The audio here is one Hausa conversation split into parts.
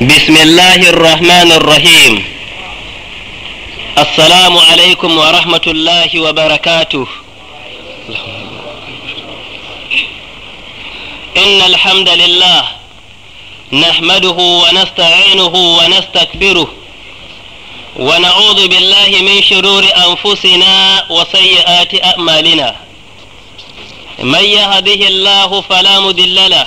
بسم الله الرحمن الرحيم السلام عليكم ورحمة الله وبركاته إن الحمد لله نحمده ونستعينه ونستكبره ونعوذ بالله من شرور أنفسنا وسيئات أعمالنا من يهده الله فلا مضل له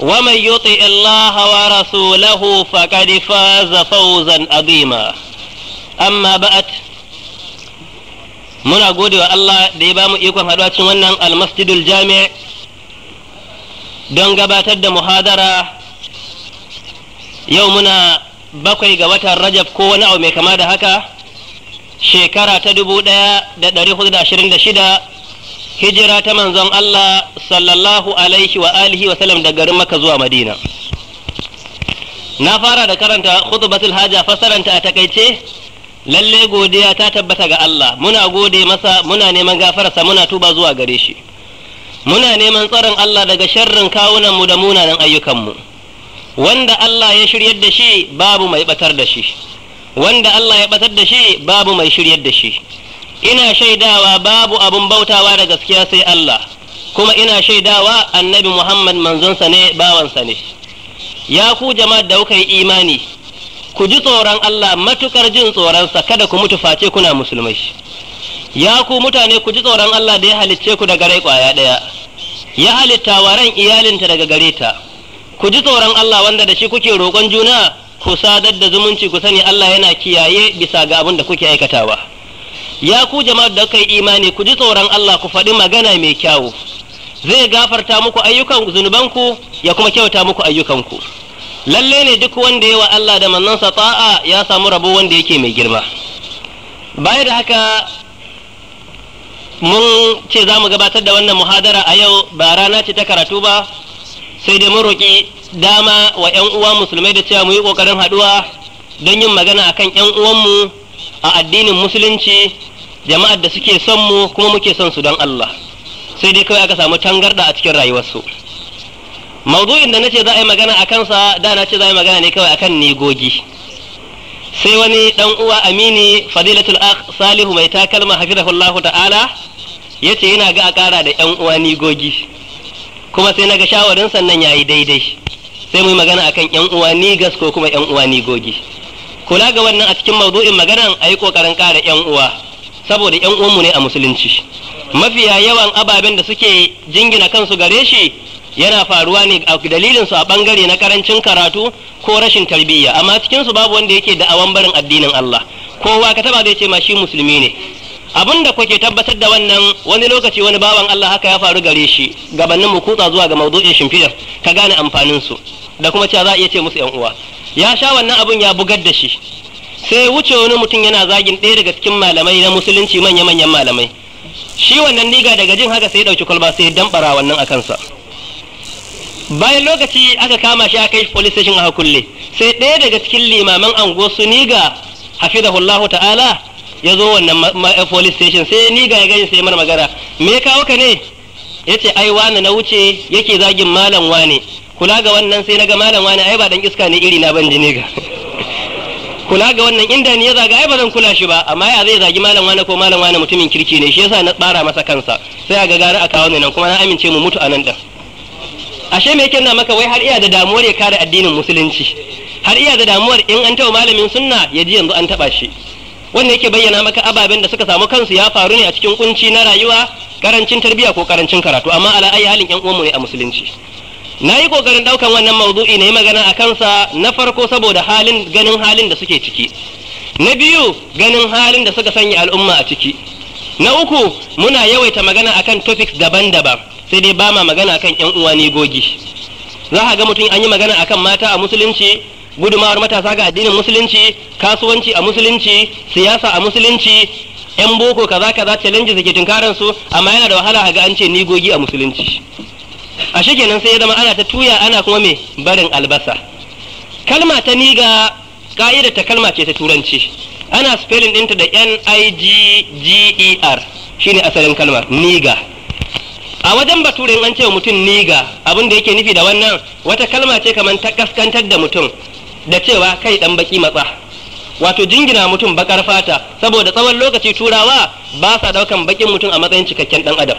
ومن يطع الله ورسوله فقد فاز فوزا عظيما أما بعد muna gode wa Allah da ya bamu ikon haɗuwa cikin wannan almasjidul jami' don gabatar da muhadara yau muna bakwai ga watan rajab ko wani abu mai kama da haka shekara ta dubu ɗaya da ɗari hudu da ashirin da shida hijira ta manzon Allah sallallahu alaihi wa alihi wa sallam da garin Makka zuwa Madina na fara da karanta khutbatul haja fasaranta a takaice lalle godiya ta tabbata ga Allah muna gode masa muna neman gafararsa muna tuba zuwa gare shi muna neman tsaron Allah daga sharrin kawunan mu da munanan ayyukan mu wanda Allah ya shiryar da shi babu mai batar da shi wanda Allah ya batar da shi babu mai shiryar da shi ina shaidawa babu abun bautawa da gaskiya sai Allah kuma ina shaidawa annabi Muhammad manzonsa ne bawansa ne ya ku jama'ar da kuka yi imani ku ji tsoron Allah matukar jin tsoronsa kada ku mutu face kuna musulmai ya ku mutane ku ji tsoron Allah da ya halicce ku daga rai kwaya daya ya halitta waran iyalin iyalinta daga gare ta ku ji tsoron Allah wanda da shi kuke roƙon juna ku sadar da zumunci ku sani Allah yana kiyaye bisa ga abin da kuke aikatawa ya ku jama'ar da kai imani ku ji tsoron Allah ku faɗi magana mai kyawu zai gafarta muku ayyukan zunubanku ya kuma kyauta muku ayyukanku lalle ne duk wanda yawa Allah da mannansa ta'a ya samu rabo wanda yake mai girma baya da haka mun ce za mu gabatar da wannan muhadara a yau ba rana ce ta karatu ba sai dai mun roƙi dama wa 'yan uwa musulmai da cewa mu yi ƙoƙarin haɗuwa don yin magana akan 'yan uwanmu a addinin musulunci jama'ar da suke son mu kuma muke son su don Allah sai dai kawai aka samu tangarda a cikin rayuwarsu mawdu'in da nace za a yi magana a kansa da na ce za a yi magana ne kawai akan negogi sai wani dan uwa amini fadilatul akh salihu mai takalma hafizahullahu ta'ala yace yana ga a da yan uwa nigogi kuma sai naga shawarin sannan yayi daidai sai mu yi magana akan yan uwa nigas ko kuma yan uwa nigogi kula ga wannan a cikin mawdu'in maganan a yi ƙoƙarin ƙara 'yan uwa saboda 'yan uwanmu ne a musulunci mafiya yawan ababen da suke jingina kansu gare shi yana faruwa ne a dalilinsu a bangare na karancin karatu ko rashin tarbiyya amma cikinsu babu wanda yake da awan barin addinin Allah kowa ka taba zai ce ma shi musulmi ne abin da kuke tabbatar da wannan wani lokaci wani bawan Allah haka ya faru gare shi gabanin mu kutsa zuwa ga maudu'in shimfidar ka gane amfanin su da kuma cewa za a iya ce musu yan uwa ya sha wannan abun ya bugar da shi sai wuce wani mutum yana zagin ɗaya daga cikin malamai na musulunci manya-manyan malamai shi wannan niga daga jin haka sai ya ɗauki kwalba sai ya damɓara wannan a kansa bayan lokaci aka kama shi aka yi police station aka kulle sai ɗaya daga cikin limaman ango su niga hafizahullahu ta'ala ya zo wannan police station sai niga ya gani sai mar magana me ka kawo ka ne yace ai wani na wuce yake zagin malam wane kula ga wannan sai naga malam wani ai ba dan iska ne iri na ban jini ga kula ga wannan inda ni ya zaga ai ba zan kula shi ba amma ya zai zagi malam wani ko malam wani mutumin kirki ne shi yasa na tsara masa kansa sai ga gara a kawo nan kuma na amince mu mutu a nan din ashe me yake na maka wai har iya da damuwar ya kare addinin musulunci har iya da damuwar in an taɓa malamin sunna ya ji yanzu an taba shi wanda yake bayyana maka ababen da suka samu kansu ya faru ne a cikin kunci na rayuwa karancin tarbiyya ko karancin karatu amma ala ayi halin yan uwanmu ne a musulunci na yi kokarin ɗaukan wannan maudu'i na yi magana a kansa na farko saboda halin ganin halin da suke ciki na biyu ganin halin da suka sanya al'umma a ciki na uku muna yawaita magana akan topics daban-daban sai dai ba ma magana akan yan uwa ne gogi za a ga mutum an yi magana akan mata a musulunci gudumawar matasa ga addinin musulunci kasuwanci a musulunci siyasa a musulunci yan boko kaza kaza challenges da ke tunkaran su amma yana da wahala a ga an ce ni gogi a musulunci a shi kenan sai ya zama ana ta tuya ana kuma me barin albasa kalma ta niga ka'idar ta kalma ce ta turanci ana spelling ɗinta da n i g g e r shine asalin kalmar niga a wajen bature an cewa mutum niga abin da yake nufi da wannan wata kalma ce kamar ta kaskantar da mutum da cewa kai dan baki matsa wato jingina mutum bakar fata saboda tsawon lokaci turawa ba sa daukan bakin mutum a matsayin cikakken dan adam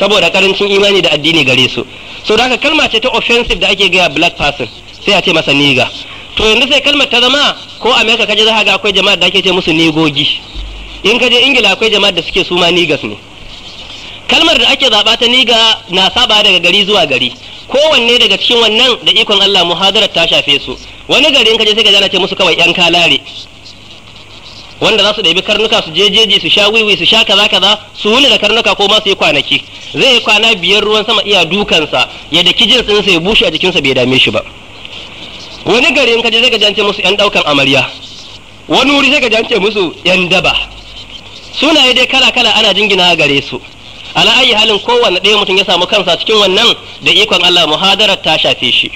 saboda karancin imani da addini gare su so da kalma ce ta offensive da ake gaya black person sai a ce masa niga to yanzu sai kalmar ta zama ko america kaje za ga akwai jama'ar da ake ce musu nigogi in kaje ingila akwai jama'ar da suke suma nigas ne kalmar da ake zaba ta niga na saba daga gari zuwa gari kowanne daga cikin wannan da ikon Allah muhadarar ta shafe su wani gari in kaje sai ka ce musu kawai yan kalare wanda za su ɗabi karnuka su je jeji su sha wiwi su sha kaza kaza su wuni da karnuka ko ma su yi kwanaki zai yi kwana biyar ruwan sama iya dukansa ya daki jinsinsa ya bushe a jikinsa bai dame shi ba wani gari in ka je zai ga ce musu yan daukan amarya wani wuri zai ga ce musu yan daba sunaye dai kala kala ana jingina gare su ala ayi halin kowanne ɗaya mutum ya samu kansa cikin wannan da ikon Allah muhadarar ta shafe shi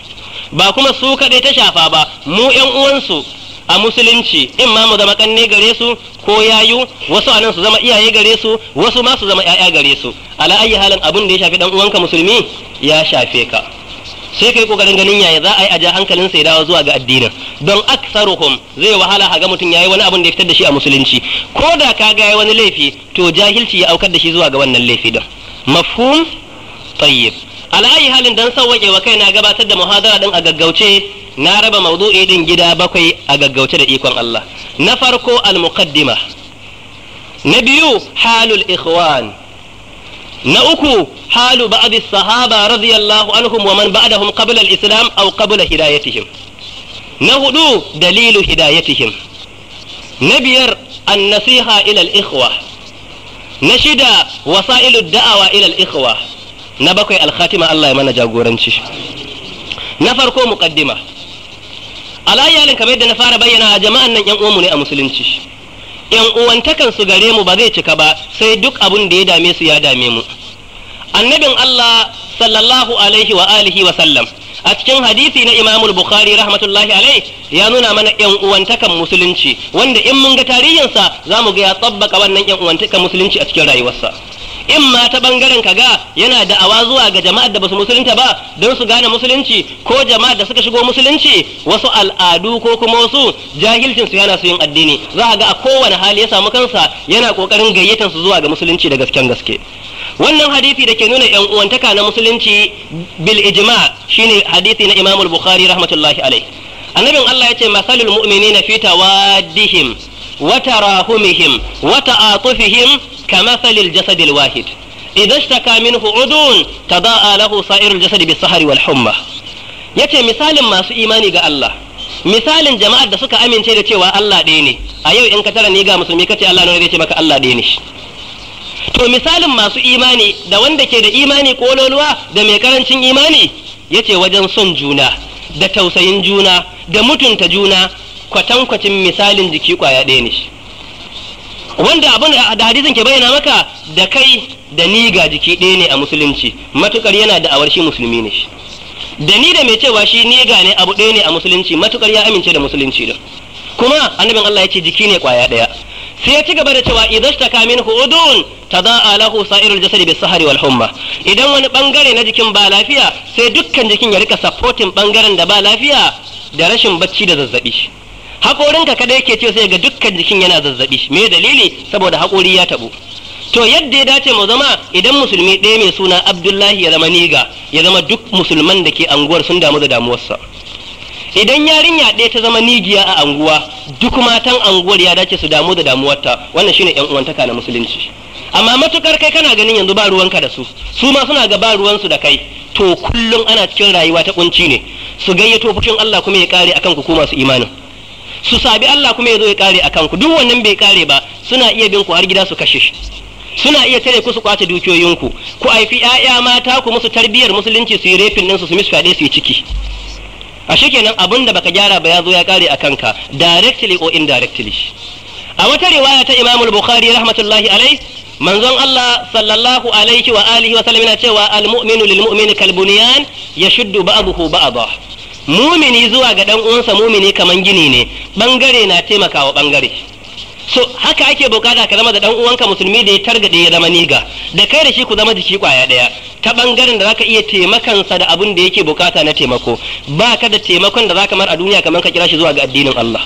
ba kuma su kaɗai ta shafa ba mu yan uwansu a musulunci in ma mu zama kanne gare su ko yayu wasu anan su zama iyaye gare su wasu ma su zama yaya gare su ala ayi halin abin da ya shafi dan uwanka musulmi ya shafe ka sai kai kokarin ganin yaya za a yi a ja hankalin sai dawo zuwa ga addinin don aksaruhum zai wahala ga mutum yayi wani abin da ya fitar da shi a musulunci ko da ka ga wani laifi to jahilci ya aukar da shi zuwa ga wannan laifi don mafhum tayyib ala ayi halin dan sauwake wa na gabatar da muhadara din a gaggauce na raba mawdu'i din gida bakwai a gaggauce da ikon Allah na farko al-muqaddima na biyu halul ikhwan na uku halu ba'd sahaba radiyallahu anhum wa man ba'dahum qabla al-islam aw qabla hidayatihim na hudu dalilu hidayatihim na biyar النصيحة إلى الإخوة ikhwa na bakwai al الإخوة allah ya mana jagoranci na farko مقدمة alayyalin kamar yadda na fara bayyana a jama'an nan yan uwanmu ne a musulunci yan uwantakan su gare mu ba zai cika ba sai duk abun da ya dame su ya dame mu annabin Allah sallallahu alaihi wa alihi wa sallam a cikin hadisi na imamul bukhari rahmatullahi alaihi ya nuna mana yan uwantakan musulunci wanda in mun ga tarihinsa za mu ga ya tsabbaka wannan yan uwantakan musulunci a cikin rayuwarsa in ma ta bangaren kaga yana da'awa zuwa ga jama'ar da basu musulunta ba don su gane musulunci ko jama'ar da suka shigo musulunci wasu al'adu ko kuma wasu jahilcin su yana su yin addini za ga a kowane hali ya samu kansa yana kokarin gayyatar su zuwa ga musulunci da gasken gaske wannan hadisi da ke nuna yan uwantaka na musulunci bil ijma shine hadisi na Imam al-Bukhari rahmatullahi alaihi annabin Allah ya ce masalul mu'minina fi tawaddihim wa tarahumihim wa ta'atufihim كمثل الجسد الواحد إذا اشتكى منه عضو تضاء له سائر الجسد بالسهر والحمى yace misalin masu imani ga Allah misalin jama'ar da suka amince da cewa Allah ديني ne a yau in ka tara ni ga musulmi الله Allah ne ce maka Allah ne to misalin masu imani da wanda ke da imani kololuwa da mai karancin imani ya ce wajen son juna da tausayin juna da mutunta juna kwatankwacin misalin jiki kwaya ɗaya ne wanda abin da hadisin ke bayyana maka da kai da ni ga jiki ɗaya ne a musulunci matukar yana da awar musulmi ne da ni da mai cewa shi ni ga ne abu ɗaya ne a musulunci matukar ya amince da musulunci din kuma annabin Allah ya ce jiki ne kwaya ɗaya sai ya ci gaba da cewa idan shi ta kamin hudun ta za a lahu sa'irul jasadi bis sahari wal humma idan wani bangare na jikin ba lafiya sai dukkan jikin ya rika supporting bangaren da ba lafiya da rashin bacci da zazzabi haƙorinka kada yake ce sai ga dukkan jikin yana zazzabi me dalili saboda haƙori ya taɓo to yadda ya dace mu zama idan musulmi ɗaya mai suna abdullahi ya zama niga ya zama duk musulman da ke anguwar sun damu da damuwarsa idan yarinya ɗaya ta zama nigiya a anguwa duk matan anguwar ya dace su damu da damuwarta wannan shine yan uwantaka na musulunci amma matukar kai kana ganin yanzu ba ruwanka da su su ma suna ga ba ruwansu da kai to kullum ana cikin rayuwa ta kunci ne su gayyato fushin Allah kuma ya kare akan ku ko masu imanin su sabi Allah kuma ya zo ya kare a kanku duk wannan bai kare ba suna iya bin ku har gida su kashe shi suna iya tare ku su kwace dukiyoyinku ku haifi ƴaƴa mata ku musu tarbiyyar musulunci su yi refin ɗinsu su misfaɗe su yi ciki a kenan abin da baka gyara ba ya zo ya kare a kanka directly or indirectly a wata riwaya ta imamul bukhari rahmatullahi alai manzon Allah sallallahu alaihi wa alihi wa sallam yana cewa al-mu'minu lil mu'mini kal bunyan yashuddu ba'dahu ba'dahu mumini zuwa ga dan uwansa mumini kaman gini ne bangare na taimakawa bangare so haka ake bukata ka zama da dan uwanka musulmi da ya targade ya zama niga da kai da shi ku zama jiki kwaya daya ta bangaren da zaka iya sa da abun da yake bukata na taimako baka ka da taimakon da zaka mar a duniya kaman ka kira shi zuwa ga addinin Allah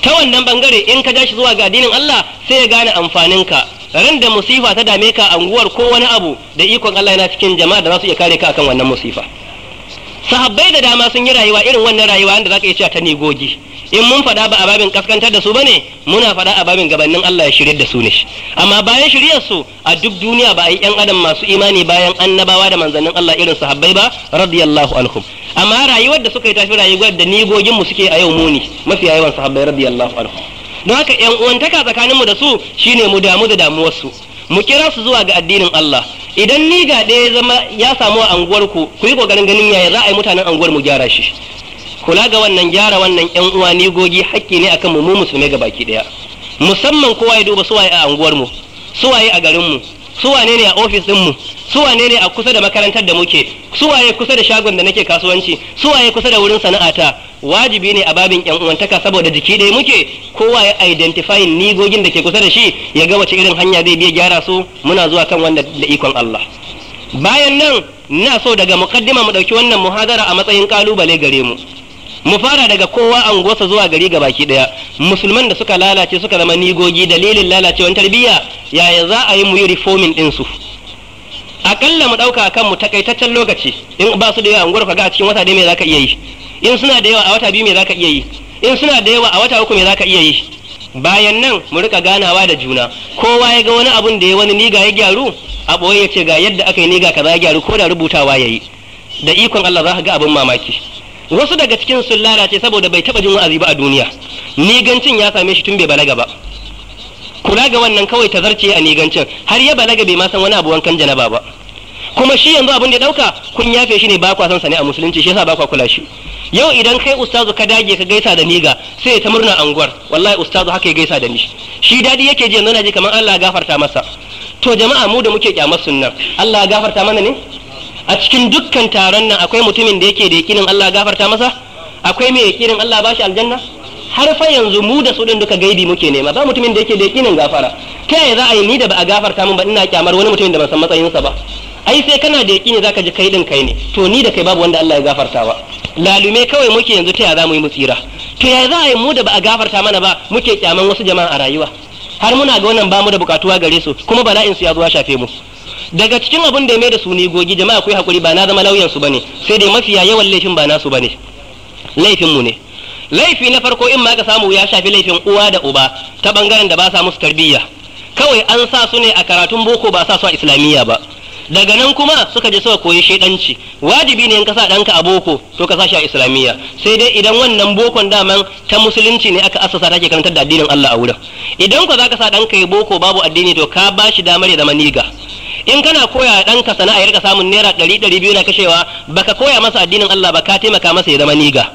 ta wannan bangare in ka ja shi zuwa ga addinin Allah sai ya gane amfaninka ran da musifa ta dame ka anguwar ko wani abu da ikon Allah yana cikin jama'a da za su iya kare ka akan wannan musifa sahabbai da dama sun yi rayuwa irin wannan rayuwa inda zaka iya cewa ta gogi in mun faɗa ba a babin kaskantar da su bane muna faɗa a babin gabanin Allah ya shirya da su ne amma bayan shiryar su a duk duniya ba a yi yan adam masu imani bayan annabawa da manzannin Allah irin sahabbai ba radiyallahu anhum amma rayuwar da suka yi tafi rayuwar da nigogin mu suke a yau muni mafi yawan sahabbai radiyallahu anhum don haka yan uwantaka tsakanin mu da su shine mu damu da damuwar su mu kira su zuwa ga addinin Allah idan ni ga ɗaya zama ya samu a anguwar ku ku yi kokarin ganin yaya za a yi mutanen anguwar mu gyara shi kula ga wannan gyara wannan yan uwa ni gogi hakki ne akan mu mu musulmai ga baki ɗaya musamman kowa ya duba suwaye a anguwar mu suwaye a garin mu suwane ne a ofis mu su wane ne a kusa da makarantar da muke su waye kusa da shagon da nake kasuwanci su waye kusa da wurin sana'ata wajibi ne a babin yan uwantaka saboda jiki dai muke kowa ya identify nigogin da ke kusa da shi ya ga wace irin hanya zai biya gyara su muna zuwa kan wanda da ikon Allah bayan nan na so daga mukaddima mu ɗauki wannan muhadara a matsayin kalubale gare mu mu fara daga kowa an gosa zuwa gari ga baki daya musulman da suka lalace suka zama nigogi dalilin lalacewar tarbiyya yaya za a yi mu yi reforming ɗinsu su akalla mu dauka kan mu takaitaccen lokaci in ba su da yawa unguwar ka ga cikin wata dai me zaka iya yi in suna da yawa a wata biyu me zaka iya yi in suna da yawa a wata uku me zaka iya yi bayan nan mu rika ganawa da juna kowa ya ga wani abun da ya wani niga ya gyaru a boye ya ce ga yadda aka yi niga kaza ya gyaru ko da rubutawa yayi da ikon Allah za ka ga abun mamaki wasu daga cikin sun lalace saboda bai taba jin wa'azi ba a duniya nigancin ya same shi tun bai balaga ba kula ga wannan kawai ta zarce a nigancin har ya balaga bai ma san wani abu wankan janaba ba kuma shi yanzu abin da dauka kun yafe shi ne ba kwa san sane a musulunci shi yasa ba kwa kula shi yau idan kai ustazu ka dage ka gaisa da niga sai ta murna anguwar wallahi ustazu haka ya gaisa da ni shi dadi yake ji yanzu na ji kamar Allah gafarta masa to jama'a mu da muke kyamar sunnar Allah gafarta mana ne a cikin dukkan taron nan akwai mutumin da yake da yakinin Allah gafarta masa akwai mai yakinin Allah bashi aljanna har fa yanzu mu da su din duka gaidi muke nema ba mutumin da yake da yakinin gafara ta yaya za a yi ni da ba a gafarta min ba ina kyamar wani mutumin da ban san matsayinsa ba ai sai kana da yakini zaka ji kai din kai ne to ni da kai babu wanda Allah ya gafarta gafartawa lalume kawai muke yanzu taya za mu yi mu tsira to yaya za a yi mu da ba a gafarta mana ba muke kyaman wasu jama'a a rayuwa har muna ga wannan bamu da bukatuwa gare su kuma bala'in su ya zuwa shafe mu daga cikin abun da ya mai da su ni gogi jama'a ku hakuri ba na zama lauyan su bane sai dai mafiya yawan laifin ba nasu bane laifin mu ne laifi na farko in ma ka samu ya shafi laifin uwa da uba ta bangaren da ba sa musu tarbiyya kawai an sa su ne a karatun boko ba sa su a islamiyya ba daga nan kuma suka je suka koyi shaidanci wajibi ne in ka sa danka a boko to ka sa shi a islamiyya sai dai idan wannan bokon daman ta musulunci ne aka asasa take karantar da addinin Allah a wurin idan ka zaka sa danka ya boko babu addini to ka ba shi damar ya zama niga in kana koya ka sana'a ya rika samun naira ɗari ɗari biyu na kashewa baka koya masa addinin Allah ba ka taimaka masa ya zama niga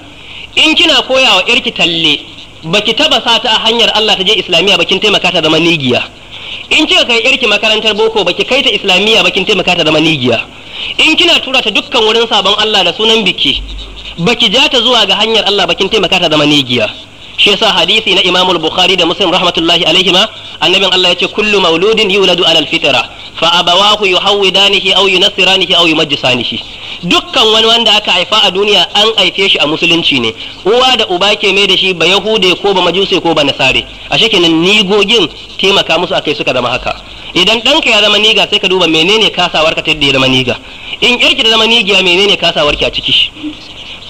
in kina koya wa yarki talle baki taba sata a hanyar Allah ta je islamiyya bakin taimaka ta zama nigiya in kika kai yarki makarantar boko baki kai ta islamiyya bakin taimaka ta zama nigiya in kina tura ta dukkan wurin sabon Allah da sunan biki baki ja ta zuwa ga hanyar Allah bakin taimaka ta zama nigiya shi yasa hadisi na Imam al-Bukhari da Muslim rahmatullahi alaihima annabin Allah yace kullu mauludin yuladu ala al-fitra fa abawahu yuhawidanihi aw yunassiranihi aw yumajjisanihi dukkan wani wanda aka haifa a duniya an haife shi a musulunci ne uwa da uba ke mai da shi ba yahude ko ba majuse ko ba nasare a shekenan nigogin taimaka musu akai suka zama haka idan ɗanka ya zama niga sai ka duba menene kasawarka ta yadda ya zama niga in irki da zama nigiya menene kasawarki a ciki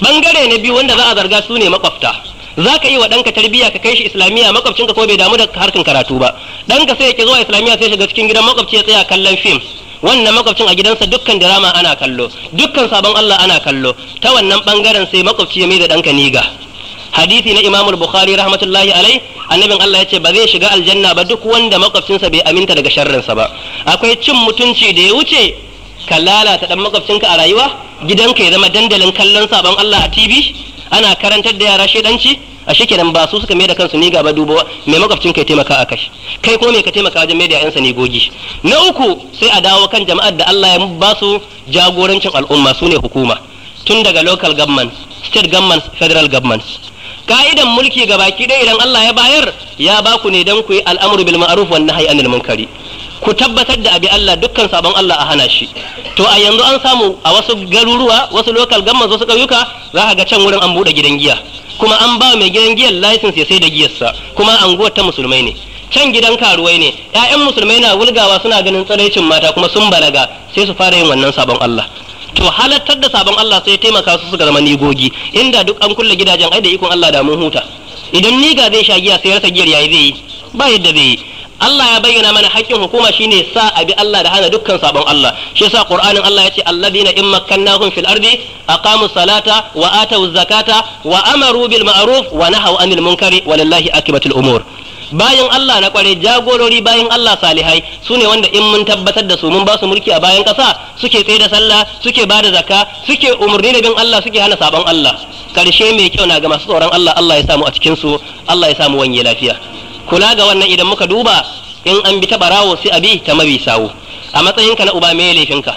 bangare na biyu wanda za a zarga su ne makwafta za ka yi wa ɗanka tarbiyya ka kai shi islamiyya makwabcinka ko bai damu da harkan karatu ba ɗanka sai yake zuwa islamiyya sai shiga cikin gidan makwabci ya tsaya kallon fim wannan makwabcin a gidansa dukkan dirama ana kallo dukkan sabon Allah ana kallo ta wannan bangaren sai makwabci ya mai da ɗanka niga hadisi na imamul bukhari rahmatullahi alai annabin Allah ya ce ba zai shiga aljanna ba duk wanda makwabcinsa bai aminta daga sharrinsa ba akwai cin mutunci da ya wuce ka lalata dan makwabcinka a rayuwa gidanka ya zama dandalin kallon sabon Allah a TV ana karantar da yara shedanci a kenan ba su suka mai da kansu ni gaba dubo mai makwabcin kai taimaka a kashi kai ko me ka taimaka wajen mai da yayansa ne gogi na uku sai a dawo kan jama'ar da Allah ya ba su jagorancin al'umma su ne hukuma tun daga local government state government federal government ka'idan mulki ga baki ɗaya idan Allah ya bayar ya ba ku ne dan ku yi al'amru bil ma'ruf wan nahyi anil munkari ku tabbatar da abi Allah dukkan sabon Allah a hana shi to a yanzu an samu a wasu garuruwa wasu lokal gammas wasu ƙauyuka za ka ga can wurin an buɗe gidan giya kuma an ba mai gidan giyan license ya sai da giyarsa kuma anguwar ta musulmai ne can gidan karuwai ne ƴaƴan musulmai na wulgawa suna ganin tsaraicin mata kuma sun balaga sai su fara yin wannan sabon Allah to halattar da sabon Allah sai taimaka su suka zama nigogi inda duk an kulle gidajen ai da ikon Allah da mun huta idan niga zai sha giya sai rasa giyar yayi zai yi ba yadda zai yi Allah ya bayyana mana hakkin hukuma shine sa abi Allah da hana dukkan sabon Allah shi yasa Qur'anin Allah yace alladhina in makkannahum fil ardi aqamu salata wa atau zakata wa amaru bil ma'ruf wa nahaw anil munkari walillahi akibatul umur bayan Allah na kware jagorori bayan Allah salihai su ne wanda in mun tabbatar da su mun ba su mulki a bayan ƙasa suke tsaye da sallah suke ba da zakka suke umarni da bin Allah suke hana sabon Allah karshe mai kyau na ga masu tsoron Allah Allah ya samu a cikin su Allah ya samu wanye lafiya kula ga wannan idan muka duba in an bi ta barawo sai a bi ta mabi sawo a matsayinka na uba me laifinka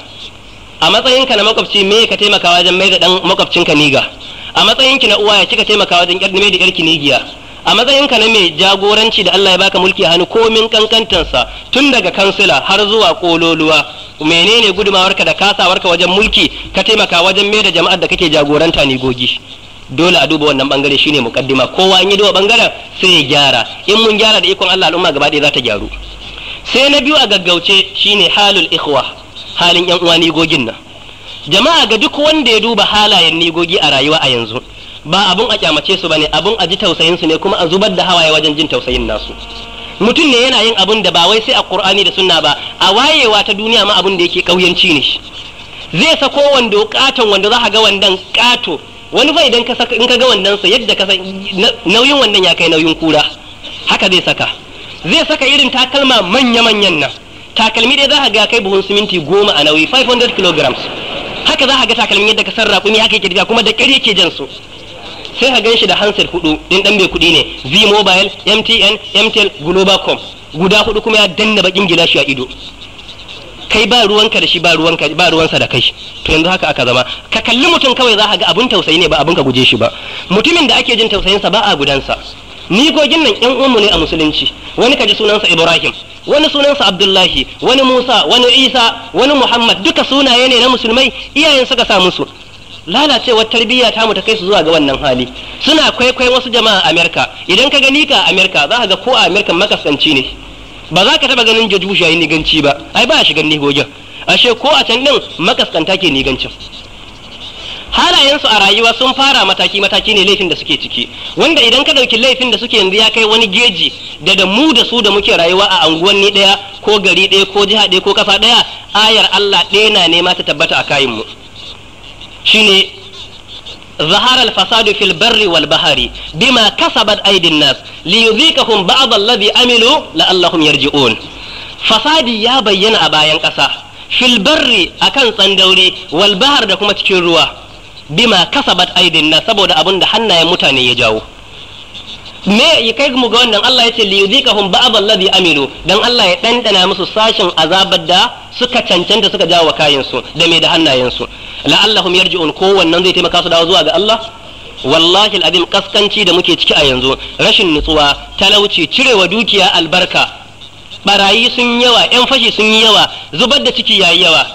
a matsayinka na makwabci me ka taimaka wajen mai da dan makwabcinka niga a matsayinki na uwa ya kika taimaka wajen yar mai da yarki nigiya a matsayinka na mai jagoranci da Allah ya baka mulki a hannu komin kankantansa tun daga kansila har zuwa kololuwa menene gudumawarka da kasawarka wajen mulki ka taimaka wajen mai da jama'ar da kake jagoranta ni gogi dole a duba wannan bangare shine mukaddima kowa in yi duba bangaren sai ya gyara in mun gyara da ikon Allah al'umma gaba ɗaya za ta gyaru sai na biyu a gaggauce shine halul ikhwa halin yan uwa nigogin nan jama'a ga duk wanda ya duba halayen nigogi a rayuwa a yanzu ba abun a kyamace su bane abun a ji tausayin su ne kuma a zubar da hawaye wajen jin tausayin nasu mutum ne yana yin abun da ba wai sai a qur'ani da sunna ba a wayewa ta duniya ma abun da yake kauyanci ne zai sako wando katon wanda za ga wandan kato wani fa idan ka in ka ga wannan sa yadda ka san nauyin wannan ya kai nauyin kura haka zai saka zai saka irin takalma manya manyan nan takalmi dai za ka ga kai buhun siminti goma a nauyi 500 kg haka za ka ga takalmin yadda ka sarrafa kuma haka yake tafiya kuma da ƙarya yake jan su sai ka gan shi da handset hudu din dan mai kuɗi ne V Mobile, MTN, MTL, Globacom guda hudu kuma ya danna bakin gilashi a ido kai ba ruwanka da shi ba ruwanka ba ruwansa da kai to yanzu haka aka zama ka kalli mutum kawai za ka ga abun tausayi ne ba abun ka guje shi ba mutumin da ake jin tausayinsa ba a gudansa gogin nan yan uwanmu ne a musulunci wani kaji sunansa ibrahim wani sunansa abdullahi wani musa wani isa wani muhammad duka sunaye ne na musulmai iyayen suka sa musu lalacewar tarbiyya ta mu ta kai su zuwa ga wannan hali suna kwaikwayon wasu jama'a a amerika idan ka ga gani a amerika za ka ga ko a amerika makasanci ne ba za ka taba ganin jajusha yi niganci ba ai ba shigan ne wajen ashe ko a can din makaskanta ke nigancin halayensu a rayuwa sun fara mataki mataki ne laifin da suke ciki wanda idan ka ɗauki laifin da suke yanzu ya kai wani geji da da mu da su da muke rayuwa a anguwanni ɗaya ko gari ɗaya ko jiha ɗaya ko kafa ɗaya ayar Allah ɗaya na nema ta tabbata a kayinmu mu shine ظهر الفساد في البر والبحر بما كسبت أيدي الناس ليذيقهم بعض الذي عملوا لعلهم يرجعون fasadi ya bayyana a bayan ƙasa filbarri akan kan tsandauri walbahar da kuma cikin ruwa bima kasabat aidin na saboda abin da hannayen mutane ya jawo me ya kai mu ga wannan Allah ya ce li yudhikahum ba'd alladhi amilu dan Allah ya dandana musu sashin azabar da suka cancanta suka jawo wa kayansu da me da hannayensu. la'allahum yarji'un ko wannan zai taimaka su dawo zuwa ga Allah wallahi al'azim kaskanci da muke ciki a yanzu rashin nutsuwa talauci cirewa dukiya albarka barayi sun yawa yan fashi sun yi yawa zubar da ciki yayi yawa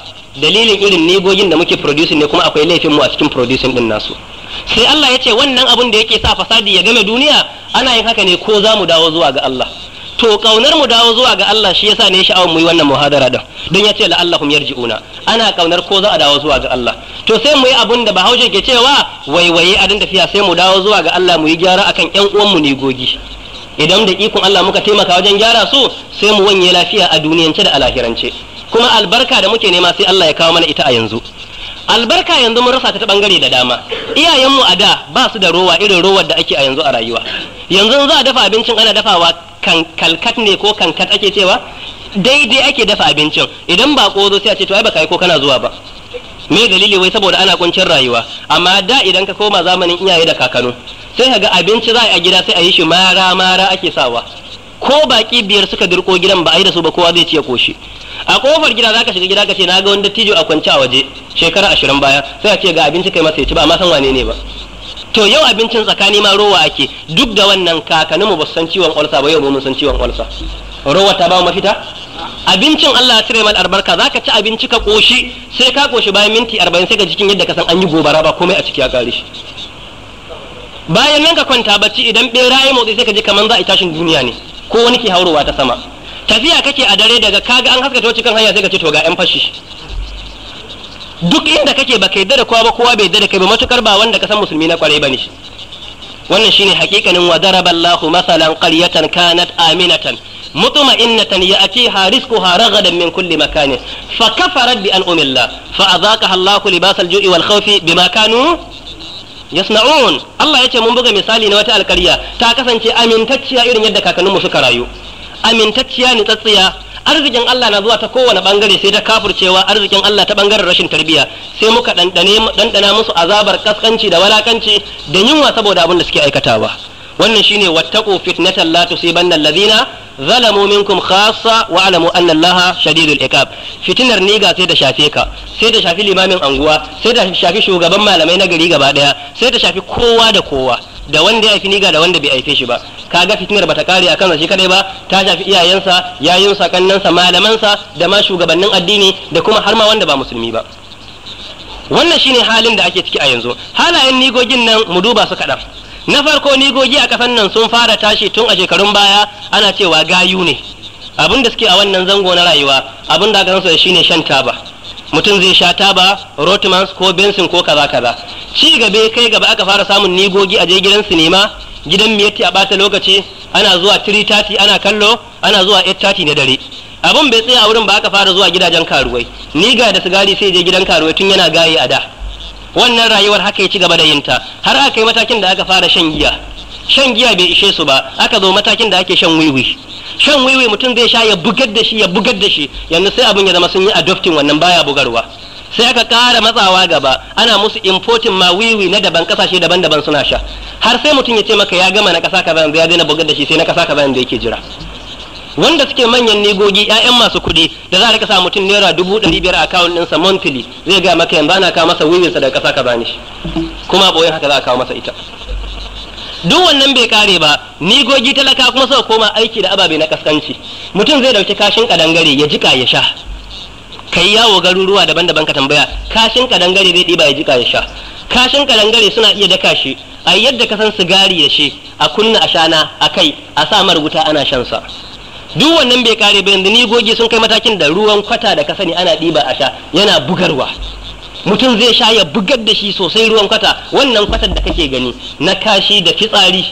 dalilin irin negogin da muke producing ne kuma akwai laifin mu a cikin producing din nasu sai Allah ya ce wannan abun da yake sa fasadi ya game duniya ana yin haka ne ko za mu dawo zuwa ga Allah to kaunar mu dawo zuwa ga Allah shi yasa ne sha'awar mu yi wannan muhadara din don ya ce la'allahum yarji'una ana kaunar ko za a dawo zuwa ga Allah to sai mu yi abun da Bahaushe ke cewa waiwaye a dinda tafiya sai mu dawo zuwa ga Allah mu yi gyara akan ƴan uwan mu ne gogi idan da ikon Allah muka taimaka wajen gyara su sai mu wanye lafiya a duniyance da a kuma albarka da muke nema sai Allah ya kawo mana ita a yanzu albarka yanzu mun rasa ta ta bangare da dama iyayenmu a da ba su da rowa irin rowar da ake a yanzu a rayuwa yanzu za a dafa abincin ana dafawa kalkat ne ko kankat ake cewa daidai ake dafa abincin idan ba ko zo sai a ce to ai baka yi ko kana zuwa ba me dalili wai saboda ana kuncin rayuwa amma da idan ka koma zamanin iyaye da kakanu sai ka ga abinci za a yi a gida sai a yi shi mara mara ake sawa ko baki biyar suka dirko gidan ba a yi da su ba kowa zai ci ya koshi a kofar gida zaka shiga gida ka ce na ga wani dattijo a kwance a waje shekara ashirin baya sai a ce ga abinci kai masa ya ci ba amma san wane ne ba to yau abincin tsakani ma rowa ake duk da wannan kakanin mu san ciwon olsa ba yau mu san ciwon olsa rowa ta ba mu mafita abincin Allah ya cire mal albarka zaka ci abinci ka koshi sai ka koshi bayan minti 40 sai ka jikin yadda ka san an yi gobara ba komai a ciki ya kare shi bayan nan ka kwanta bacci idan ɓera ya motsi sai ka ji kaman za a tashin duniya ne ko wani ke haurowa ta sama tafiya kake a dare daga kaga an haskata wacce kan hanya sai ka ce to ga yan fashi duk inda kake baka yadda da kowa ba kowa bai yadda da kai ba matukar ba wanda san musulmi na kwarai bane wannan shine hakikanin wa daraba masalan qaryatan kanat aminatan مطمئنة يأتيها رزقها رغدا da min مكان فكفرت بأنعم الله فأذاقها الله لباس الجوع والخوف بما كانوا yasna'un Allah ya ce mun buga misali na wata alkarya ta kasance amintacciya irin yadda kakanninmu suka rayu amintacciya ni tsatsiya arzikin Allah na zuwa ta kowane bangare sai ta kafurcewa arzikin Allah ta bangaren rashin tarbiya sai muka dandana musu azabar kaskanci da walakanci da yunwa saboda abin da suke aikatawa wannan shine wattaqu fitnatan la tusibanna alladhina zalamu minkum khassa wa alamu anna allaha shadidul iqab fitinar ne ga sai da shafe ka sai da shafi limamin anguwa sai da shafi shugaban malamai na gari gaba daya sai da shafi kowa da kowa da wanda ya fi niga da wanda bai aife shi ba Ka ga fitinar bata kare akan kansa shi kadai ba ta shafi iyayensa yayin sakannansa malamansa da ma shugabannin addini da kuma har ma wanda ba musulmi ba wannan shine halin da ake ciki a yanzu halayen nigogin nan mu duba su kaɗan na farko nigogi a kasan nan sun fara tashi tun a shekarun baya ana cewa gayu ne abin da suke a wannan zango na rayuwa abin da aka san su shine shan taba mutum zai sha taba rotmans ko benson ko kaza kaza ci gaba kai gaba aka fara samun nigogi a je gidan sinima gidan miyatti a bata lokaci ana zuwa 3:30 ana kallo ana zuwa 8:30 na dare abin bai tsaya a wurin ba aka fara zuwa gidajen karuwai ni ga da sigari sai je gidan karuwai tun yana gaye a da wannan rayuwar haka ya ci gaba da yinta har aka yi matakin da aka fara shan giya shan giya bai ishe su ba aka zo matakin da ake shan wiwi shan wiwi mutum zai sha ya bugar da shi ya bugar da shi yanzu sai abin ya zama sun yi adoptin wannan baya bugarwa sai aka ƙara matsawa gaba ana musu importin ma wiwi na daban kasashe daban-daban suna sha har sai mutum ya ce maka ya gama na ƙasa ka bayan ya daina bugar da shi sai na ƙasa bayan da yake jira wanda suke manyan negogi ƴaƴan masu kuɗi da za a rika sa mutum naira dubu ɗari biyar a kawun ɗinsa monthly zai ga maka yanzu ana kawo masa wiwinsa daga ƙasa kaza shi kuma ɓoyin haka za a kawo masa ita duk wannan bai kare ba nigogi talaka kuma suka koma aiki da ababe na kaskanci mutum zai dauki kashin kadangare ya jika ya sha ka yi yawo garuruwa daban-daban ka tambaya kashin ka dangare zai ɗiba ya jika ya sha kashin ka dangare suna iya daka shi a yadda ka san sigari da shi a kunna a shana a kai a sa marubuta ana shan sa duk wannan bai kare ba yanzu ni goge sun kai matakin da ruwan kwata da ka sani ana ɗiba a sha yana bugarwa mutum zai sha ya bugar da shi sosai ruwan kwata wannan kwatar da kake gani na kashi da fitsari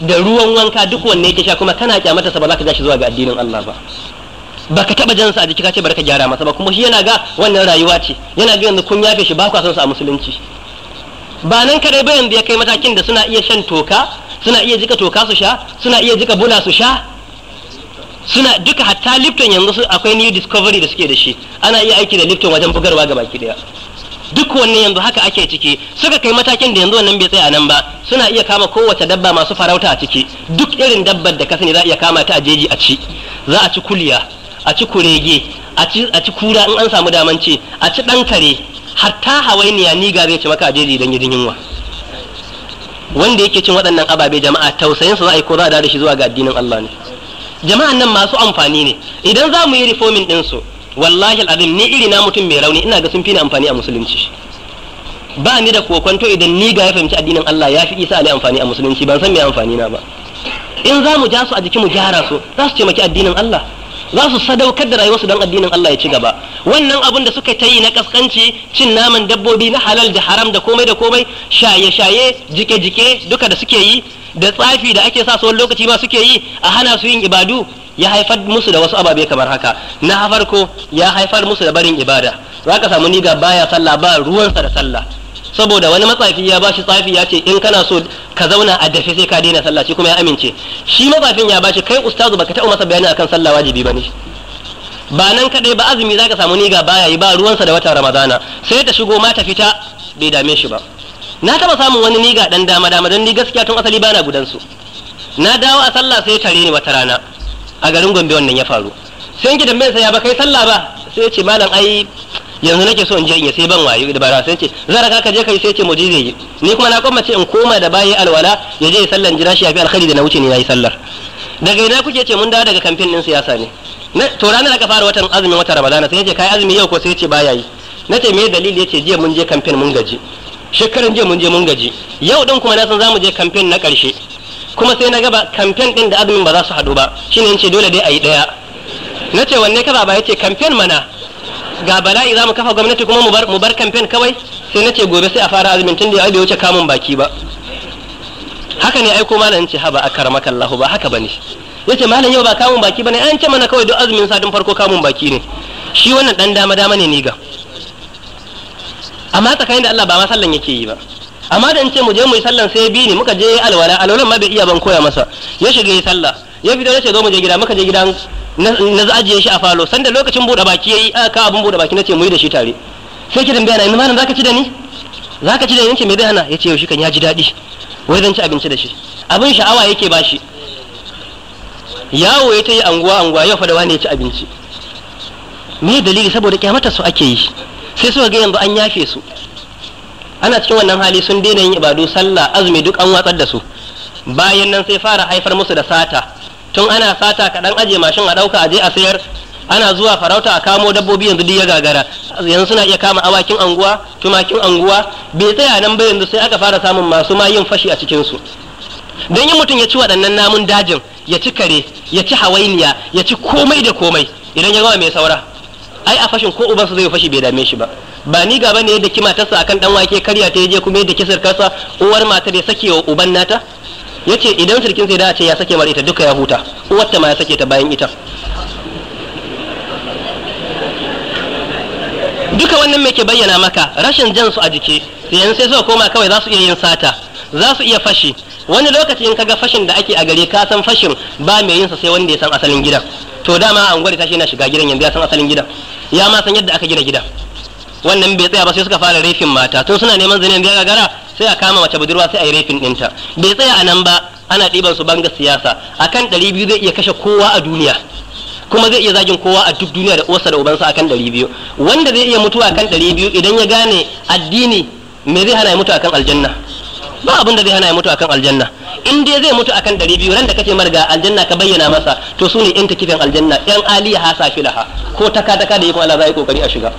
da ruwan wanka duk wanne yake sha kuma kana kyamata sa ba za ka ja shi zuwa ga addinin Allah ba baka taba taɓa sa a jiki ka ce ka gyara masa ba kuma shi yana ga wannan rayuwa ce yana ga yanzu kun yafe shi ba ku son sa a musulunci ba nan kadai ba yanzu ya kai matakin da suna iya shan toka suna iya jika toka su sha suna iya jika bula su sha suna duka hatta lipton yanzu akwai new discovery da suke da shi ana iya aiki da lipton wajen bugarwa ga baki daya duk wannan yanzu haka ake ciki suka kai matakin da yanzu wannan bai tsaya nan ba suna iya kama kowace dabba masu farauta a ciki duk irin dabbar da ka sani za a iya kama ta a jeji a ci za a ci kuliya a ci kurege a ci kura in an samu daman ce a ci ɗan kare hatta hawainiya ni ga zai ci maka jeji don gidan yunwa wanda yake cin waɗannan ababe jama'a tausayin su za a yi ko za a da shi zuwa ga addinin Allah ne jama'an nan masu amfani ne idan za mu yi reforming din su wallahi al'adun ni iri na mutum mai rauni ina ga sun fi ni amfani a musulunci ba ni da kokonto idan ni ga ya fahimci addinin Allah ya fi isa alai amfani a musulunci ban san me amfani na ba in za mu ja su a jiki mu gyara su za su taimaki addinin Allah za su sadaukar da rayuwarsu don addinin Allah ya ci gaba wannan abun da suka ta yi na kaskanci cin naman dabbobi na halal da haram da komai da komai shaye-shaye jike-jike duka da suke yi da tsafi da ake sa su wani lokaci ma suke yi a hana su yin ibadu ya haifar musu da wasu ababe kamar haka na farko ya haifar musu da barin ibada za ka samu niga baya sallah ba ruwansa da sallah saboda wani matsafi ya bashi tsafi ya ce in kana so ka zauna a dafe sai ka daina sallah shi kuma ya amince shi matsafin ya bashi kai ustazu baka taɓa masa bayani akan sallah wajibi bane ba nan kadai ba azumi zaka samu ni ga baya yi ba ruwansa da watan ramadana sai ta shigo ma ta fita bai dame shi ba na taba samun wani niga dan dama dama don ni gaskiya tun asali bana gudan su na dawo a sallah sai tare ni wata rana a garin Gombe wannan ya faru sai ki dambe sai ya ba kai sallah ba sai ya ce malam ai yanzu nake so in je in yi sai ban wayo da bara sai ce zara ka ka je kai sai ce mu je zai yi ni kuma na ce in koma da bayi alwala ya je sallan jira shi yafi alkhairi da na wuce ne yayi sallar daga ina kuke ce mun dawo daga kamfen din siyasa ne na to ranar ka fara watan azumin watan ramadana sai ce kai azumi yau ko sai ce baya yi na ce me dalili yace jiya mun je kamfen mun gaji shekaran jiya mun je mun gaji yau din kuma na san zamu je kamfen na karshe kuma sai na gaba kamfen din da azumin ba za su hadu ba shine yace dole dai a yi ɗaya na ce wanne ka ba ya ce kamfen mana ga bala'i za mu kafa gwamnati kuma mu bar kamfen kawai sai na ce gobe sai a fara azumin tun da ya wuce kamun baki ba haka ne aiko malam ce haba karamakan lahu ba haka bane ce malam yau ba kamun baki bane an ce mana kawai duk azumin sadin farko kamun baki ne shi wannan dan dama dama ne ni ga amma tsakanin da Allah ba ma sallan yake yi ba amma da in ce mu je mu yi sallan sai bi ne muka je alwala alwalan ma bai iya ban koya masa ya shiga yi sallah ya fito na ce zo mu je gida muka je gidan na ajiye shi a falo sanda lokacin buɗe baki yayi aka kawo abin buɗe baki nace mu yi da shi tare sai ki tambaya na ina malam zaka ci da ni zaka ci da ni ce me zai hana yace yau shi kan ya ji daɗi wai zan ci abinci da shi abin sha'awa yake bashi yawo ya ta yi anguwa anguwa yau fada wani ya ci abinci me dalili saboda kyamata su ake yi sai suka ga yanzu an yafe su ana cikin wannan hali sun daina yin ibadu sallah azumi duk an watsar da su bayan nan sai fara haifar musu da sata tun ana sata kaɗan aje mashin a ɗauka aje a sayar ana zuwa farauta a kamo dabbobi yanzu duk ya gagara yanzu suna iya kama awakin anguwa tumakin anguwa bai tsaya nan ba yanzu sai aka fara samun masu ma yin fashi a cikin su dan yin mutum ya ci waɗannan namun dajin ya ci kare ya ci hawainiya ya ci komai da komai idan ya gama mai saura ai a fashin ko ubansa zai fashi bai dame shi ba ba ni gaba ne yadda ki matarsa akan dan wake karya ta je kuma yadda kisar kasa uwar matar ya sake wa uban nata yace idan sirkin sai da a ce ya sake mara ita duka ya huta uwarta ma ya sake ta bayan ita duka wannan me ke bayyana maka rashin jan su a jiki yanzu sai suka koma kawai za su iya yin sata za su iya fashi wani lokaci in kaga fashin da ake a gare ka san fashin ba mai yin sa sai wanda ya san asalin gidan to dama an gwada tashi yana shiga gidan yanzu ya san asalin gidan ya ma san yadda aka gina gidan wannan bai tsaya ba sai suka fara rafin mata tun suna neman zane da gagara sai a kama mace budurwa sai a yi rafin ɗinta bai tsaya a nan ba ana ɗiban su banga siyasa akan ɗari biyu zai iya kashe kowa a duniya kuma zai iya zagin kowa a duk duniya da uwarsa da ubansa akan ɗari biyu wanda zai iya mutuwa akan ɗari biyu idan ya gane addini me zai hana ya mutu akan aljanna ba abin da zai hana ya mutu akan aljanna in dai zai mutu akan ɗari biyu ran da kace marga aljanna ka bayyana masa to su ne yan takifin aljanna yan aliya hasa filaha ko taka taka da yi kuma Allah yi kokari a shiga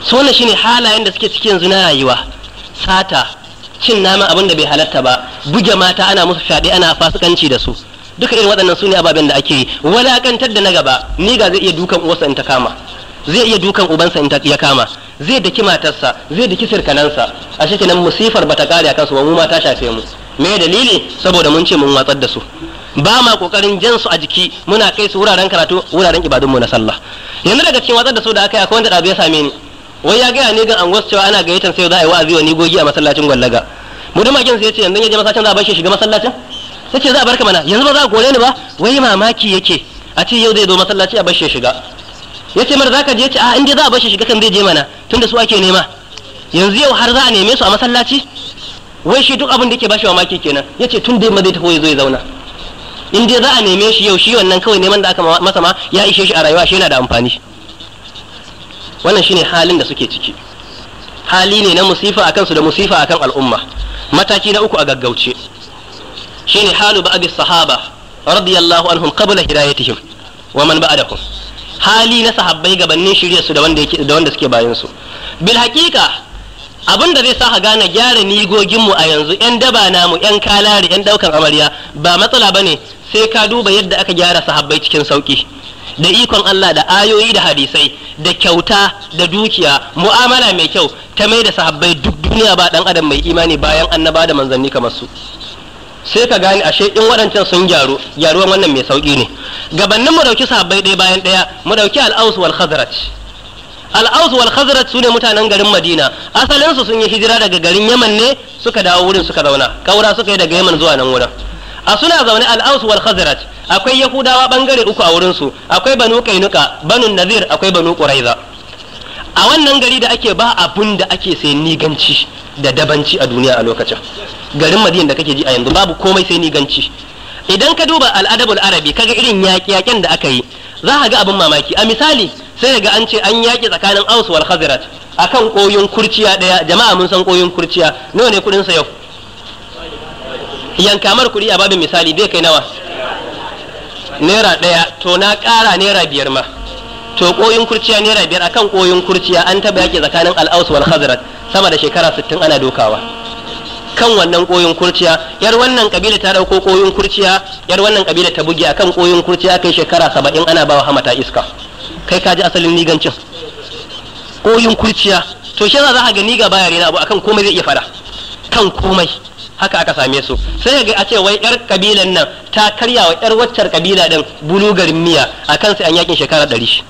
sone shi ne halayen da suke cikin yanzu na rayuwa sata cin nama abin da bai halatta ba buge mata ana musu fyaɗe ana fasikanci da su duka irin waɗannan su ne ababen da ake yi walakantar da na gaba ni ga zai iya dukan uwarsa in ta kama zai iya dukan ubansa in ya kama zai daki matarsa zai daki sirkanansa a shi kenan musifar bata kare a kansu ba mu ma ta shafe mu me dalili saboda mun ce mun watsar da su ba ma kokarin jan su a jiki muna kai su wuraren karatu wuraren ibadunmu na sallah yanzu daga cikin watsar da su da aka yi akwai wanda ɗabi ya same ni wai ya gaya ne ga anguwas cewa ana gayyatar sai za a yi wa'azi wa nigogi a masallacin gwallaga mudumakin sai ya ce yanzu ya je masallacin za a bar shi shiga masallacin sai ce za a barka mana yanzu ba za a kore ni ba wai mamaki yake a ce yau zai zo masallaci a bar shi shiga ya ce mar za ka je ce a in dai za a bar shi shiga kan zai je mana tunda su ake nema yanzu yau har za a neme su a masallaci wai shi duk abin da yake bashi mamaki kenan ya ce tun dai ma zai tafi ya zo ya zauna in dai za a neme shi yau shi wannan kawai neman da aka masa ma ya ishe shi a rayuwa shi yana da amfani wannan shine halin da suke ciki hali ne na musifa akan su da musifa akan al'umma mataki na uku a gaggauce shine halu ba'd sahaba radiyallahu anhum qabla hidayatihim wa man ba'dahum hali na sahabbai gabanin shirya su da wanda da wanda suke bayan su bil haqiqa abin da zai sa gane gyara nigogin mu a yanzu yan daba namu yan kalare yan daukan amarya ba matsala bane sai ka duba yadda aka gyara sahabbai cikin sauki da ikon Allah da ayoyi da hadisai da kyauta da dukiya mu'amala mai kyau ta mai da sahabbai duk duniya ba dan adam mai imani bayan annaba da manzanni kamar su sai ka gane ashe in waɗancan sun gyaru gyaruwan wannan mai sauki ne gabanin mu dauki sahabbai ɗaya bayan ɗaya mu dauki al-aus wal khazraj al-aus wal khazraj sune mutanen garin madina asalin su sun yi hijira daga garin yaman ne suka dawo wurin suka zauna kaura suka yi daga yaman zuwa nan wurin a suna zaune al-aus wal khazraj akwai yahudawa bangare uku a wurinsu akwai banu kainuka banu nazir akwai banu quraiza a wannan gari da ake ba abun da ake sai niganci da dabanci a duniya a lokacin garin madina da kake ji a yanzu babu komai sai niganci idan ka duba al'adabul arabi kaga irin yaƙi-yaƙen da aka yi za ka ga abin mamaki a misali sai ga an ce an yaƙi tsakanin aus wal khazraj akan koyon kurciya daya jama'a mun san koyon kurciya nawa ne kudin sa yau yankamar kuɗi a babin misali zai kai nawa naira ɗaya to na ƙara naira biyar ma to koyin kurciya naira biyar akan koyin kurciya an taba yaki tsakanin al'aus wal hazrat sama da shekara sittin ana dokawa kan wannan koyin kurciya yar wannan kabila ta dauko koyin kurciya yar wannan kabila ta buge akan koyin kurciya kai shekara 70 ana bawa hamata iska kai ka ji asalin nigancin koyin kurciya to shi za ka ga ga baya rena abu akan komai zai iya fara kan komai haka aka same su sai ga a ce wai yar kabilan nan ta karya wa yar waccar kabila din garin miya a kan sai an yakin shekara ɗari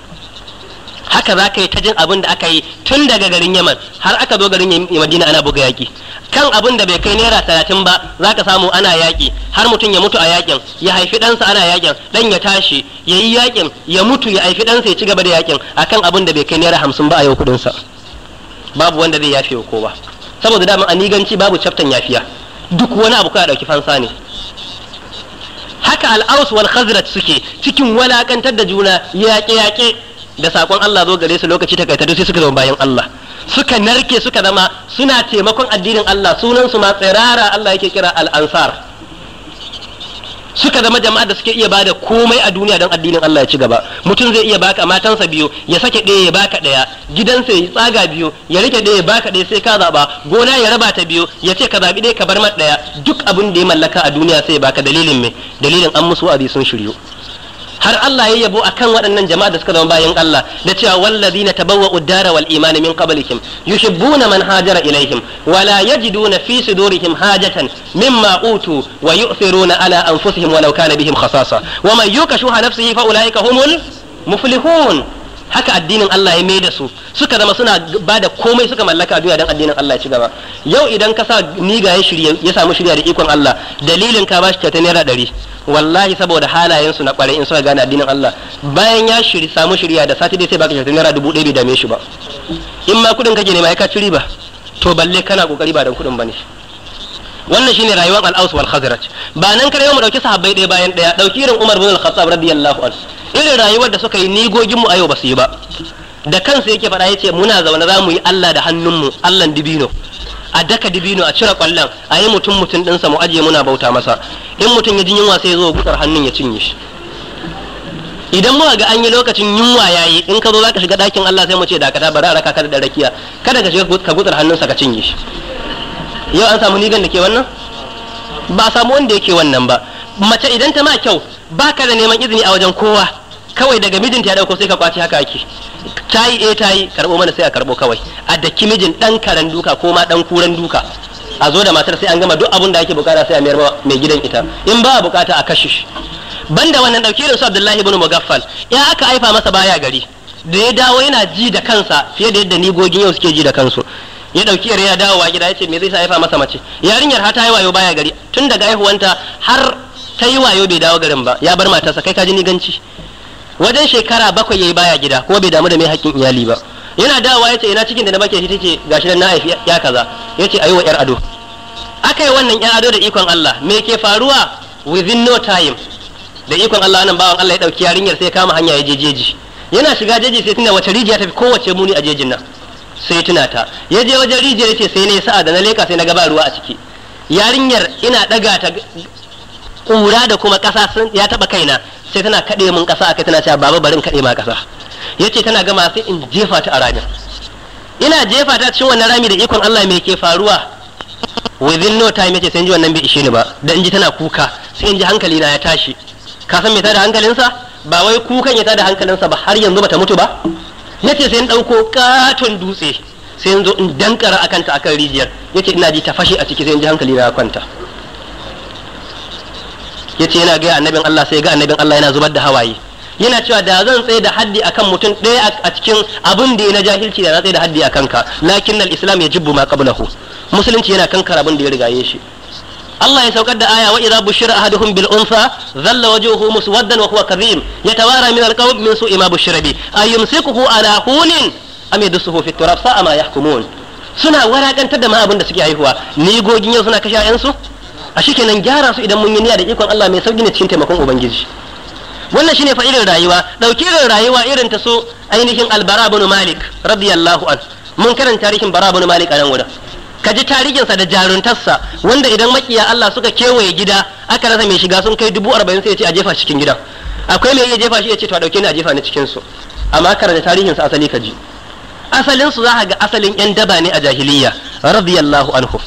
haka za ka yi ta jin abin da aka yi tun daga garin yaman har aka zo garin madina ana buga yaki kan abin da bai kai naira talatin ba za ka samu ana yaki har mutum ya mutu a yaƙin ya haifi ɗansa ana yaƙin ɗan ya tashi ya yi yaƙin ya mutu ya haifi ɗansa ya ci gaba da yaƙin kan abin da bai kai naira hamsin ba a yau kuɗinsa babu wanda zai yafe wa kowa saboda daman aniganci babu caftan yafiya duk wani abu ka dauki fansa ne haka al'aus wal khazraj suke cikin walakantar da juna yaƙe yaƙe da saƙon Allah zo gare su lokaci ta ta sai suka zama bayan Allah suka narke suka zama suna taimakon addinin Allah sunan su ma tsirara Allah yake kira al-ansar suka zama jama'a da suke iya da komai a duniya don addinin Allah ya ci gaba mutum zai iya baka matansa biyu ya sake ɗaya ya baka ɗaya gidansa ya tsaga biyu ya rike ɗaya ya baka ɗaya sai ka zaɓa gona ya raba ta biyu ya ce ka zaɓi ɗaya ka bar mat ɗaya duk abin da ya mallaka a duniya sai ya baka dalilin me dalilin an musu wa'azi sun shiryu har Allah ya yabo akan waɗannan jama'a da suka zama bayan Allah da cewa wallazina tabawwa ad-dara wal iman min qablikum yuhibbuna man hajara ilaihim wa la yajiduna fi sudurihim hajatan mimma utu wa yu'thiruna ala anfusihim walau kana bihim khasasa wa man yuka nafsihi fa ulaika humul muflihun haka addinin Allah ya maida su suka zama suna ba da komai suka mallaka a duniya don addinin Allah ya ci gaba yau idan ka sa niga ya shirya ya samu shirya da ikon Allah dalilin ka ba shi kyauta naira ɗari wallahi saboda halayen su na ƙwarai in suka gane addinin Allah bayan ya shiri samu shirya da sati dai sai baka kyauta naira dubu ɗaya bai dame shi ba in ma kuɗin kake nema ya ka ci riba to balle kana kokari ba don kuɗin ba ne wannan shine rayuwar al-aus wal khazraj ba nan kare mu dauki sahabbai ɗaya bayan ɗaya dauki irin Umar bin al-Khattab radiyallahu anhu irin rayuwar da suka yi nigoginmu a yau ba su yi ba da kansu yake faɗa ya ce muna zaune za mu yi Allah da hannunmu Allah dibino a daka dibino a cire kwallon a yi mutum mutum ɗinsa mu ajiye muna bauta masa in mutum ya ji yunwa sai ya zo gutsar hannun ya cinye shi idan muka ga an yi lokacin yunwa ya yi in ka zo za ka shiga ɗakin Allah sai mu ce dakata bari a raka ka da rakiya kada ka shiga ka gutsar hannunsa ka cinye shi yau an samu nigan da ke wannan ba samu wanda yake wannan ba mace idan ta ma kyau baka da neman izini a wajen kowa kawai daga mijinta ya dauko sai ka kwaci haka ake tayi eh tayi karbo mana sai a karbo kawai a daki mijin dan karan duka ko ma dan kuran duka a zo da matar sai an gama duk abun da ake bukata sai a mayar mai gidan ita in ba a bukata a kashe shi banda wannan dauke da su Abdullahi ibn Mughaffal ya aka aifa masa baya gari da ya dawo yana ji da kansa fiye da yadda ni gogin yau suke ji da kansu ya dauki yar ya a gida ya ce me zai sa aifa masa mace yarinyar har ta haihuwa yau baya gari tun daga haihuwanta har ta yi wayo bai dawo garin ba ya bar matarsa kai ka ji ganci wajen shekara bakwai yayi baya gida kuma bai damu da mai haƙƙin iyali ba yana dawowa yace ina cikin da na bake shi tace gashi nan na haifi ya kaza yace ayi wa yar ado aka yi wannan yar ado da ikon Allah me ke faruwa within no time da ikon Allah nan bawan Allah ya dauki yarinyar sai kama hanya ya je jeji yana shiga jeji sai tunda wace rijiya ta fi kowace muni a jejin nan sai tuna ta ya je wajen rijiyar yace sai ne sa'a da na leka sai na ga ba ruwa a ciki yarinyar ina daga ta ƙura da kuma ƙasa sun ya taɓa kaina sai tana kaɗe min ƙasa akai tana cewa baba barin kaɗe ma ƙasa ya ce tana gama sai in jefa ta a ramin ina jefa ta cikin wannan rami da ikon Allah me ke faruwa within no time yace sai in ji wannan bai ishe ni ba da in ji tana kuka sai in ji hankali na ya tashi ka san me ta da hankalinsa ba wai kukan ya tada hankalinsa ba har yanzu bata mutu ba yace sai in ɗauko katon dutse sai in zo in dankara a akan rijiyar yace ina ji ta fashe a ciki sai in ji hankali na ya kwanta yace yana ga annabin Allah sai ga annabin Allah yana zubar da hawaye yana cewa da zan tsaye da haddi akan mutum ɗaya a cikin abin da na jahilci da na tsaye da haddi akan ka lakin nan islam ya jibbu ma qablahu musulunci yana kankar abin da ya rigaye shi Allah ya saukar da aya wa idza bushira ahaduhum bil unsa dhalla wajhuhu muswaddan wa huwa kadhim yatawara min al-qawm min su'i ma bushira bi ayumsikuhu ala hunin am yadsuhu fi turab sa'a ma yahkumun suna warakantar da ma abin da suke haihuwa ni gogin yau suna kashe ayansu a shi kenan gyara su idan mun yi niyya da ikon Allah mai sauki ne cikin taimakon ubangiji wannan shine fa'idar rayuwa dauki irin rayuwa irin ta so ainihin albara bin malik radiyallahu an mun karanta tarihin bara bin malik a nan gudan ka ji tarihinsa da jaruntarsa wanda idan makiya Allah suka kewaye gida aka rasa mai shiga sun kai dubu arba'in sai ya ce a jefa cikin gidan akwai mai ya jefa shi ya ce to a dauke ni a jefa ni cikin su amma karanta tarihinsa asali ka ji asalin su za ga asalin yan daba ne a jahiliya radiyallahu anhu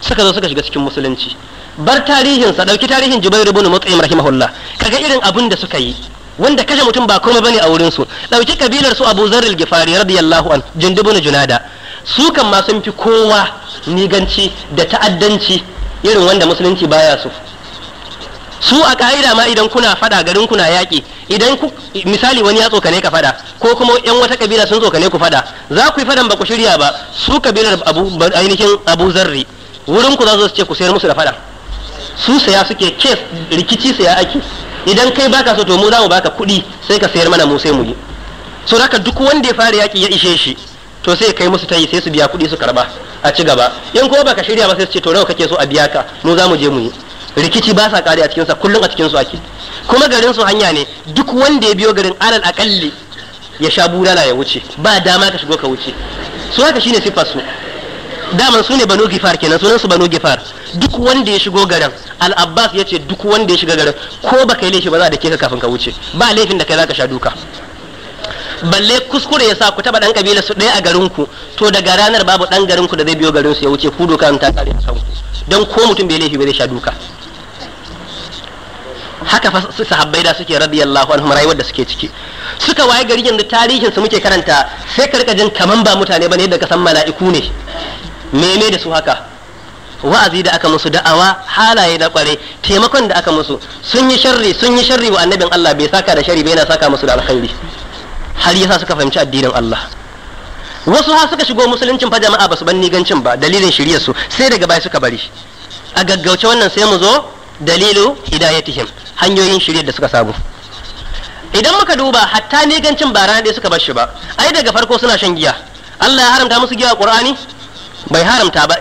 suka zo suka shiga cikin musulunci bar tarihinsa ɗauki tarihin jubairu ibn mut'im rahimahullah kaga irin abun da suka yi wanda kashe mutum ba komai bane a wurin su ɗauki kabilar su Abu Zarr al-Ghifari radiyallahu an jundubun junada su kan ma sun fi kowa niganci da ta'addanci irin wanda musulunci baya su su a ka'ida ma idan kuna fada garin kuna yaki idan ku misali wani ya tsokane ka fada ko kuma yan wata kabila sun tsokane ku fada za ku yi fadan ba ku shirya ba su kabilar abu ainihin abu zarri wurin ku za su ce ku sayar musu da fada su saya suke kes rikici saya ake idan kai baka so to mu za mu baka kuɗi sai ka sayar mana mu sai mu yi so haka duk wanda ya fara yaki ya ishe shi to sai kai musu tayi sai su biya kuɗi su karba a ci gaba in ko baka shirya ba sai su ce to nawa kake so a biya ka mu za mu je mu yi rikici ba sa kare a cikinsa kullum a cikinsu ake kuma garin su hanya ne duk wanda ya biyo garin alal akalli ya sha burala ya wuce ba dama ka shigo ka wuce su haka shine siffar su daman su ne banu gifar kenan sunan su banu gifar duk wanda ya shigo garin al-abbas ya ce duk wanda ya shiga garin ko baka yi laifi ba za da ke ka kafin ka wuce ba laifin da kai zaka sha duka balle kuskure ya sa ku taba dan kabila su ɗaya a garin ku to daga ranar babu dan garin ku da zai biyo garin su ya wuce ku doka ta tsare a ku dan ko mutum bai laifi ba zai sha duka haka fa sahabbai da suke radiyallahu anhum rayuwar da suke ciki suka waye gari yanzu tarihin su muke karanta sai ka rika jin kaman ba mutane bane yadda ka san mala'iku ne mene da su haka wa'azi da aka musu da'awa halaye da kware taimakon da aka musu sun yi sharri sun yi sharri wa annabin Allah bai saka da sharri bai yana saka musu da alkhairi har yasa suka fahimci addinin Allah wasu ha suka shigo musuluncin fa jama'a basu ban nigancin ba dalilin shiriyar su sai daga baya suka bari a gaggauce wannan sai mu zo dalilu hidayatihim hanyoyin shiriyar da suka sabu idan muka duba hatta nigancin ba rana suka bar shi ba ai daga farko suna shan giya Allah ya haramta musu giya Qur'ani bai haramta ba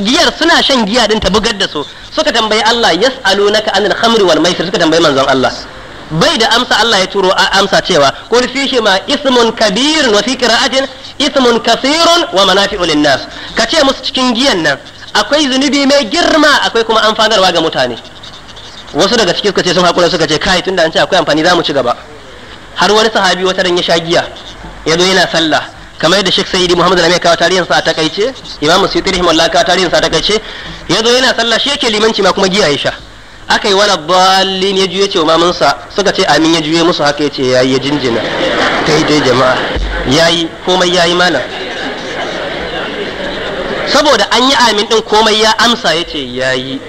giyar suna shan giya din ta bugar da su suka tambayi Allah yas'alunaka anil khamri wal maisir suka tambayi manzon Allah bai da amsa Allah ya turo a amsa cewa qul fihi ma ismun kabirun wa fi qira'atin ismun kathirun wa manafi'u lin-nas kace musu cikin giyan nan akwai zunubi mai girma akwai kuma amfanarwa ga mutane wasu daga cikin suka ce sun hakura suka ce kai tunda an ce akwai amfani za mu ci gaba har wani sahabi wata dan ya sha giya ya zo yana sallah kamar yadda Sheikh Sayyidi Muhammad Lamai kawo tarihin sa a takaice Imam Suyuti rahimahullah kawo tarihin sa a takaice yazo yana sallah shi yake limanci ma kuma giya ya sha aka yi wani balin ya juye cewa mamansa suka ce amin ya juye musu haka ya ce yayi ya jinjina dai jama'a yayi komai yayi mana. saboda an yi amin din komai ya amsa ya ce yayi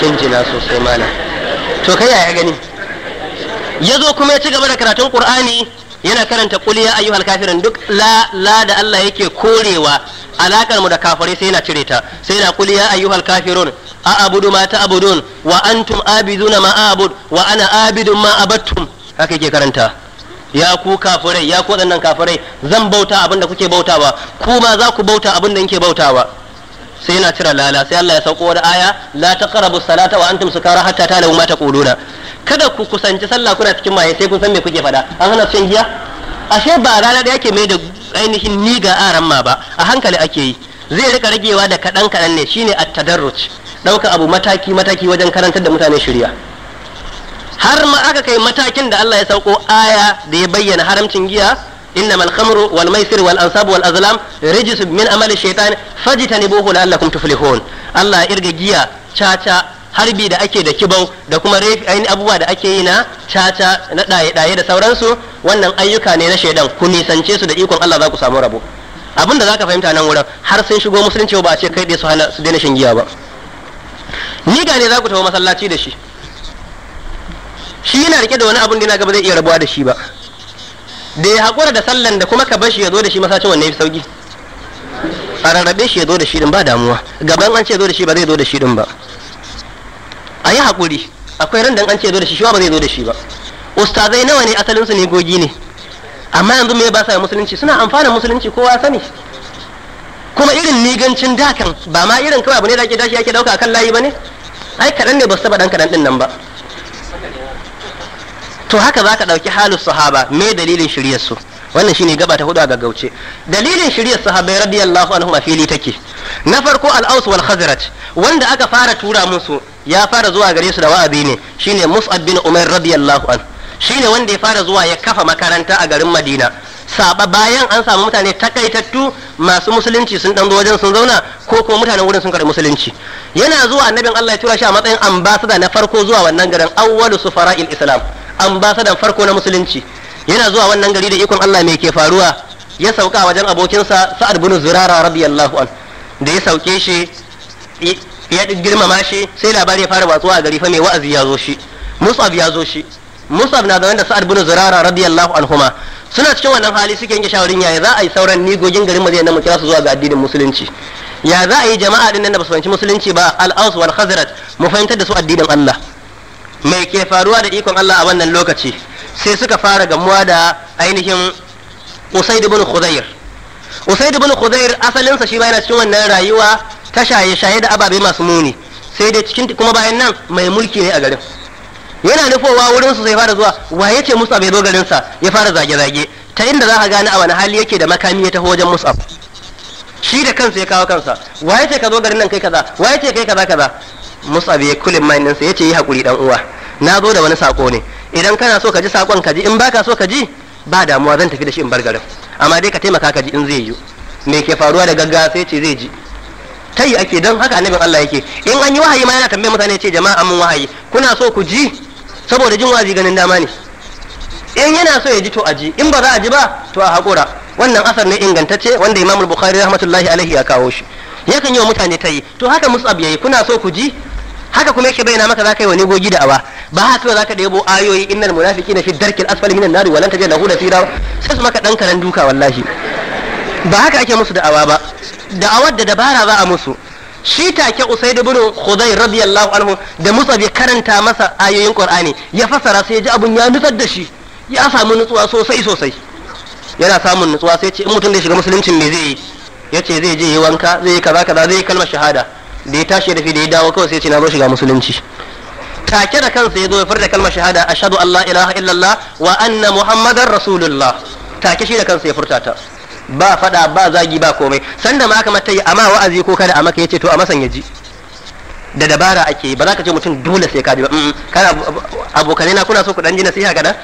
jinjina sosai mana. to kai ya gani ya zo kuma ya ci gaba da karatun qur'ani yana karanta qul ya ayyuhal kafirin duk la la da Allah yake korewa alakar mu da kafirai sai yana cire ta sai yana kuli ya ayyuhal kafirun a abudu ma ta abudun wa antum abiduna ma abud wa ana abidun ma abattum haka yake karanta ya ku kafirai ya ku waɗannan kafirai zan bauta abin da kuke bautawa ku ma za ku bauta abin da nke bautawa sai yana cire lala sai Allah ya sauko wani aya la taqrabu salata wa antum sukara hatta ta ta'lamu ma taquluna kada ku kusanci sallah kuna cikin maye sai kun san me kuke faɗa an hana shan giya ashe ba rana da yake mai da ainihin ni ga aran ma ba a hankali ake yi zai rika ragewa da kaɗan kaɗan ne shine at-tadarruj ɗauka abu mataki mataki wajen karantar da mutane shirya har ma aka kai matakin da Allah ya sauko aya da ya bayyana haramcin giya innamal khamru wal maisir wal ansab wal azlam rijis min amali shaytan fajtanibuhu la'allakum tuflihun Allah ya irga giya caca harbi da ake da kibau da kuma ainihin abubuwa da ake yi na caca na ɗaye-ɗaye da sauransu wannan ayyuka ne na shaidan ku nisance su da ikon Allah za ku samu rabo abin da za ka fahimta nan wurin har sun shigo musulunci ba a ce kai ɗaya su hana su daina shan giya ba ni ga ne za ku tafi masallaci da shi shi yana rike da wani abun da na gaba zai iya rabuwa da shi ba da ya haƙura da sallan da kuma ka bar shi ya zo da shi masacin wanne fi sauki a rarrabe shi ya zo da shi din ba damuwa gaban an ce zo da shi ba zai zo da shi din ba a yi haƙuri akwai ran an ce zo da shi shi ba zai zo da shi ba ustazai nawa ne asalin su ne gogi ne amma yanzu me ba sa musulunci suna amfana musulunci kowa sani kuma irin nigancin dakan ba ma irin kawai abu ne da ake dashi ake dauka kan layi ba ne ai kaɗan ne ba su dan kaɗan din nan ba to haka za ka ɗauki halin sahaba me dalilin shiryar su wannan shine gaba ta hudu a gaggauce dalilin shiryar sahabbai radiyallahu anhu a fili take na farko al-aus wal khazraj wanda aka fara tura musu ya fara zuwa gare su da wa'abi ne shine Mus'ab bin Umair radiyallahu an shine wanda ya fara zuwa ya kafa makaranta a garin Madina saba bayan an samu mutane takaitattu masu musulunci sun dan wajen sun zauna ko kuma mutanen wurin sun karɓi musulunci yana zuwa annabin Allah ya tura shi a matsayin ambasada na farko zuwa wannan garin awwalu sufara'il islam ambasadan farko na musulunci yana zuwa wannan gari da ikon Allah mai ke faruwa ya sauka wajen abokinsa Sa'ad bin Zurara radiyallahu an da ya sauke shi ya girmama shi sai labari ya fara watsuwa a gari fa mai wa'azi ya zo shi musab ya zo shi musab na zaune da sa'ad bin zurara radiyallahu anhuma suna cikin wannan hali suke yanke shawarin ya za a yi sauran nigogin garin mu nan mu kira su zuwa ga addinin musulunci ya za a yi jama'a din nan da ba su fahimci musulunci ba al-aus wal khazraj mu fahimtar da su addinin Allah mai ke faruwa da ikon Allah a wannan lokaci sai suka fara gamuwa da ainihin Usaid bin khudayr usaid ibn khudair asalin sa shi ba yana cikin wannan rayuwa ta shaye shaye da ababe masu muni sai dai cikin kuma bayan nan mai mulki ne a garin yana nufowa wurin su sai fara zuwa wa ce musab ya zo garin sa ya fara zage zage ta inda za ka gane a wani hali yake da makami ya taho wajen musab shi da kansa ya kawo kansa wa ce ka zo garin nan kai kaza wa ce kai kaza kaza musab ya kulin mai ya yace yi hakuri dan uwa na zo da wani sako ne idan kana so ka ji sakon ka ji in baka so ka ji ba damuwa zan tafi da shi in bar garin amma dai ka taimaka ka ji in zai yi me ke faruwa da gaggawa sai ce zai ji ta yi ake don haka annabin Allah yake in an yi wahayi ma yana tambayar mutane ce jama'a mun wahayi kuna so ku ji saboda jin wazi ganin dama ne in yana so ya ji to a ji in ba za a ji ba to a haƙura wannan asar ne ingantacce wanda imam bukhari rahmatullahi alaihi ya kawo shi yakan yi wa mutane ta yi to haka musab yayi kuna so ku ji haka kuma yake bayyana maka za ka yi wani gogi da awa ba haka za ka ɗebo ayoyi innal na fi darkil asfali minan nari walan tajid lahu nasira sai su maka dan karan duka wallahi ba haka ake musu da'awa ba da'awar da dabara za a musu shi take usaid ibn khudayr radiyallahu anhu da musa bai karanta masa ayoyin qur'ani ya fasara sai ji abun ya nutsar da shi ya samu nutsuwa sosai sosai yana samun nutsuwa sai ce in mutum da shiga musuluncin me zai yi ya ce zai je yi wanka zai yi kaza kaza zai yi kalmar shahada da ya tashi da fi da ya dawo kawai sai ce na bar shiga musulunci take da kansa ya zo ya furta kalmar shahada ashhadu an la ilaha illallah wa anna muhammadar rasulullah take shi da kansa ya furta ta ba fada ba zagi ba komai sanda ma aka mata yi amma wa'azi ko kada a maka yace to a masan yaji da dabara ake yi ba za ka ce mutum dole sai ka ji ba kana abokane na kuna so ku dan ji nasiha kada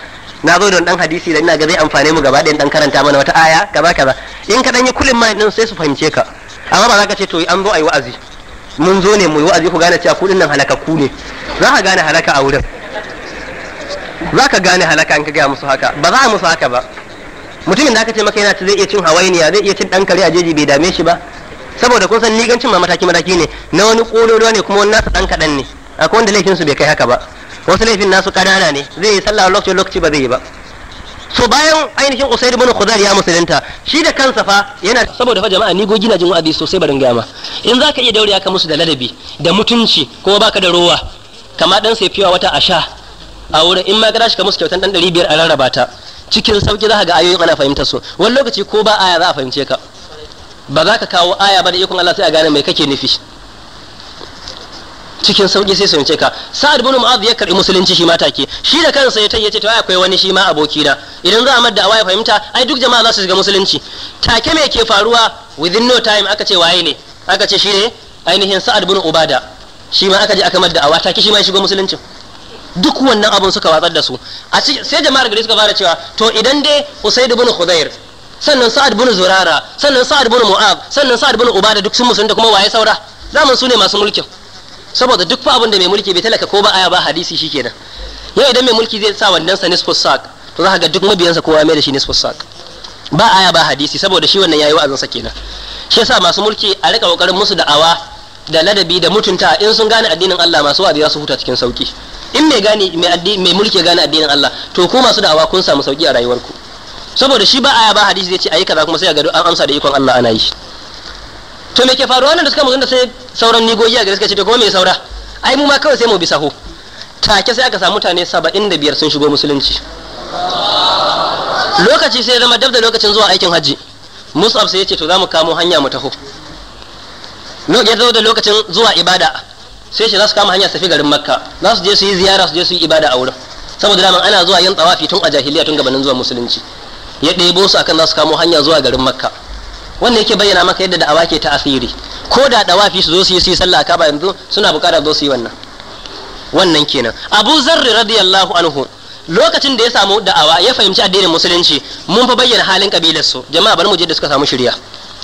na zo don dan hadisi da ina ga zai amfane mu gaba ɗayan dan karanta mana wata aya kaza kaza in ka dan yi kulin ma din sai su fahimce ka amma ba za ka ce to an zo ayi wa'azi mun zo ne mu yi wa'azi ku gane cewa ku dinnan halakakku ne za ka gane halaka a wurin za ka gane halaka in ka gaya musu haka ba za a musu haka ba mutumin da aka ce maka yana zai iya cin hawainiya zai iya cin dan kare a jeji bai dame shi ba saboda kun san ligancin ma mataki mataki ne na wani kololuwa ne kuma wani nasa dan kadan ne akwai wanda laifin su bai kai haka ba wasu laifin nasu kanana ne zai yi sallah lokaci lokaci ba zai yi ba so bayan ainihin usaid ibn khudar ya musulunta shi da kansa fa yana saboda fa jama'a ni gogi na jin wa'azi sosai barin gama in zaka iya daure ka musu da ladabi da mutunci ko baka da rowa kama dan sai fiwa wata asha a wurin in ma gara shi ka musu kyautan dan 500 a rarraba ta cikin sauki za ka ga ayoyin ana fahimtar su wani lokaci ko ba aya za a fahimce ka ba za ka kawo aya ba da ikon Allah sai a gane mai kake nufi cikin sauki sai sun ce ka sa'ad bin mu'adh ya karbi musulunci shi ma take shi da kansa ya yace to ai akwai wani shi ma aboki na idan za a madda awa ya fahimta ai duk jama'a za su shiga musulunci take me ke faruwa within no time aka ce waye ne aka ce shine ainihin sa'ad bin ubada shi ma aka je aka madda awa take shi ma ya shigo musulunci duk wannan abun suka watsar da su a sai jama'ar gari suka fara cewa to idan dai usaid bin khudair sannan sa'ad bin zurara sannan sa'ad bin mu'adh sannan sa'ad bin ubada duk sun musulunta kuma waye saura zaman su ne masu mulkin saboda duk fa abin da mai mulki bai talaka ko ba aya ba hadisi shikenan yau idan mai mulki zai sa wannan sa nisfus sak to za ka ga duk mabiyansa kowa mai da shi nisfus sak ba aya ba hadisi saboda shi wannan yayi wa'azin sa kenan shi yasa masu mulki a rika kokarin musu da awa da ladabi da mutunta in sun gane addinin Allah masu wa'azi za su huta cikin sauki in mai gane mai mulki ya gane addinin Allah to ku masu da'awa kun samu sauki a rayuwarku saboda shi ba aya ba hadisi zai ce ayi kaza kuma sai a ga an amsa da ikon Allah ana yi to me ke faruwa nan da suka da sai sauran nigogi a gari suka ce to kuma me saura ai mu ma kawai sai mu bi saho take sai aka samu mutane saba'in da biyar sun shigo musulunci lokaci sai zama dab da lokacin zuwa aikin hajji musab sai ya ce to za mu kamo hanya mu taho ya zo da lokacin zuwa ibada sai shi za su kama hanya su tafi garin makka za su je su yi ziyara su je su yi ibada a wurin saboda daman ana zuwa yin tsawafi tun a jahiliya tun gabanin zuwa musulunci ya ɗebo su akan za su kamo hanya zuwa garin makka wanda yake bayyana maka yadda da'awa ke ta ko da dawafi su zo su yi sallah kaba yanzu suna bukatar zo su yi wannan wannan kenan abu zarri radiyallahu anhu lokacin da ya samu da'awa ya fahimci addinin musulunci mun fa bayyana halin kabilar su jama'a bari mu je da suka samu shirya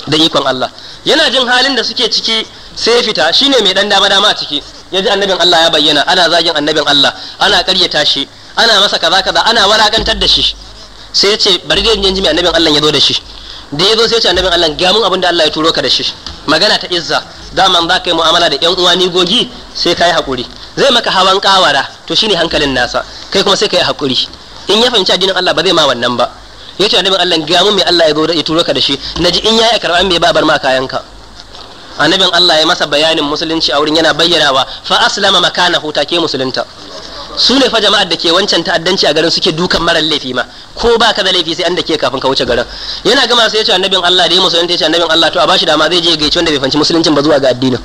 da ikon Allah yana jin halin da suke ciki sai fita shine mai dan dama dama a ciki ya ji annabin Allah ya bayyana ana zagin annabin Allah ana karyata shi ana masa kaza kaza ana walakantar da shi sai ya ce bari dai in ji mai annabin Allah ya zo da shi da ya zo sai ce annabin Allah ga mun abin da Allah ya turo ka da shi magana ta izza daman za ka yi mu'amala da yan uwa ni gogi sai ka yi hakuri zai maka hawan kawara to shine hankalin nasa kai kuma sai ka yi hakuri in ya fahimci addinin Allah ba zai ma wannan ba ya ce annabin Allah ga mun mai Allah ya zo ya turo ka da shi naji in yayi karban mai babar ma kayanka annabin Allah ya masa bayanin musulunci a wurin yana bayyana wa fa aslama makanahu take musulunta su ne fa jama'ar da ke wancan ta'addanci a garin suke dukan marar laifi ma ko ba ka da laifi sai an da ke kafin ka wuce garin yana gama sai ya ce annabin Allah da ya musulunta ya ce annabin Allah to a bashi dama zai je gaici wanda bai fanci musuluncin ba zuwa ga addinin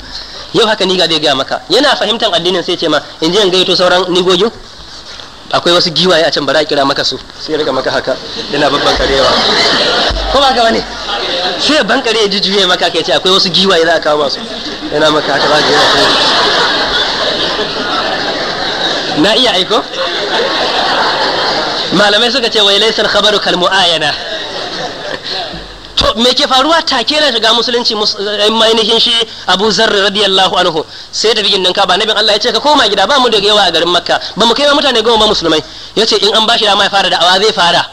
yau haka ni ga zai gaya maka yana fahimtar addinin sai ce ma in je in gaito sauran nigogin akwai wasu giwaye a can ba za a kira maka su sai riga maka haka yana babban karewa ko ba ka bane sai ban kare ya jujjuye maka kai ce akwai wasu giwaye za a kawo masu yana maka haka ba ka yi na iya aiko malamai suka ce wai laisar khabaru kal mu'ayana to me ke faruwa take na shiga musulunci eh, ainihin shi Abu Zarr radiyallahu anhu sai da bigin nan ka ba nabin Allah ya ce ka koma gida ba mu da yawa a garin Makka ba mu kai ba mutane goma ba musulmai yace in an bashi dama ya fara da awa zai fara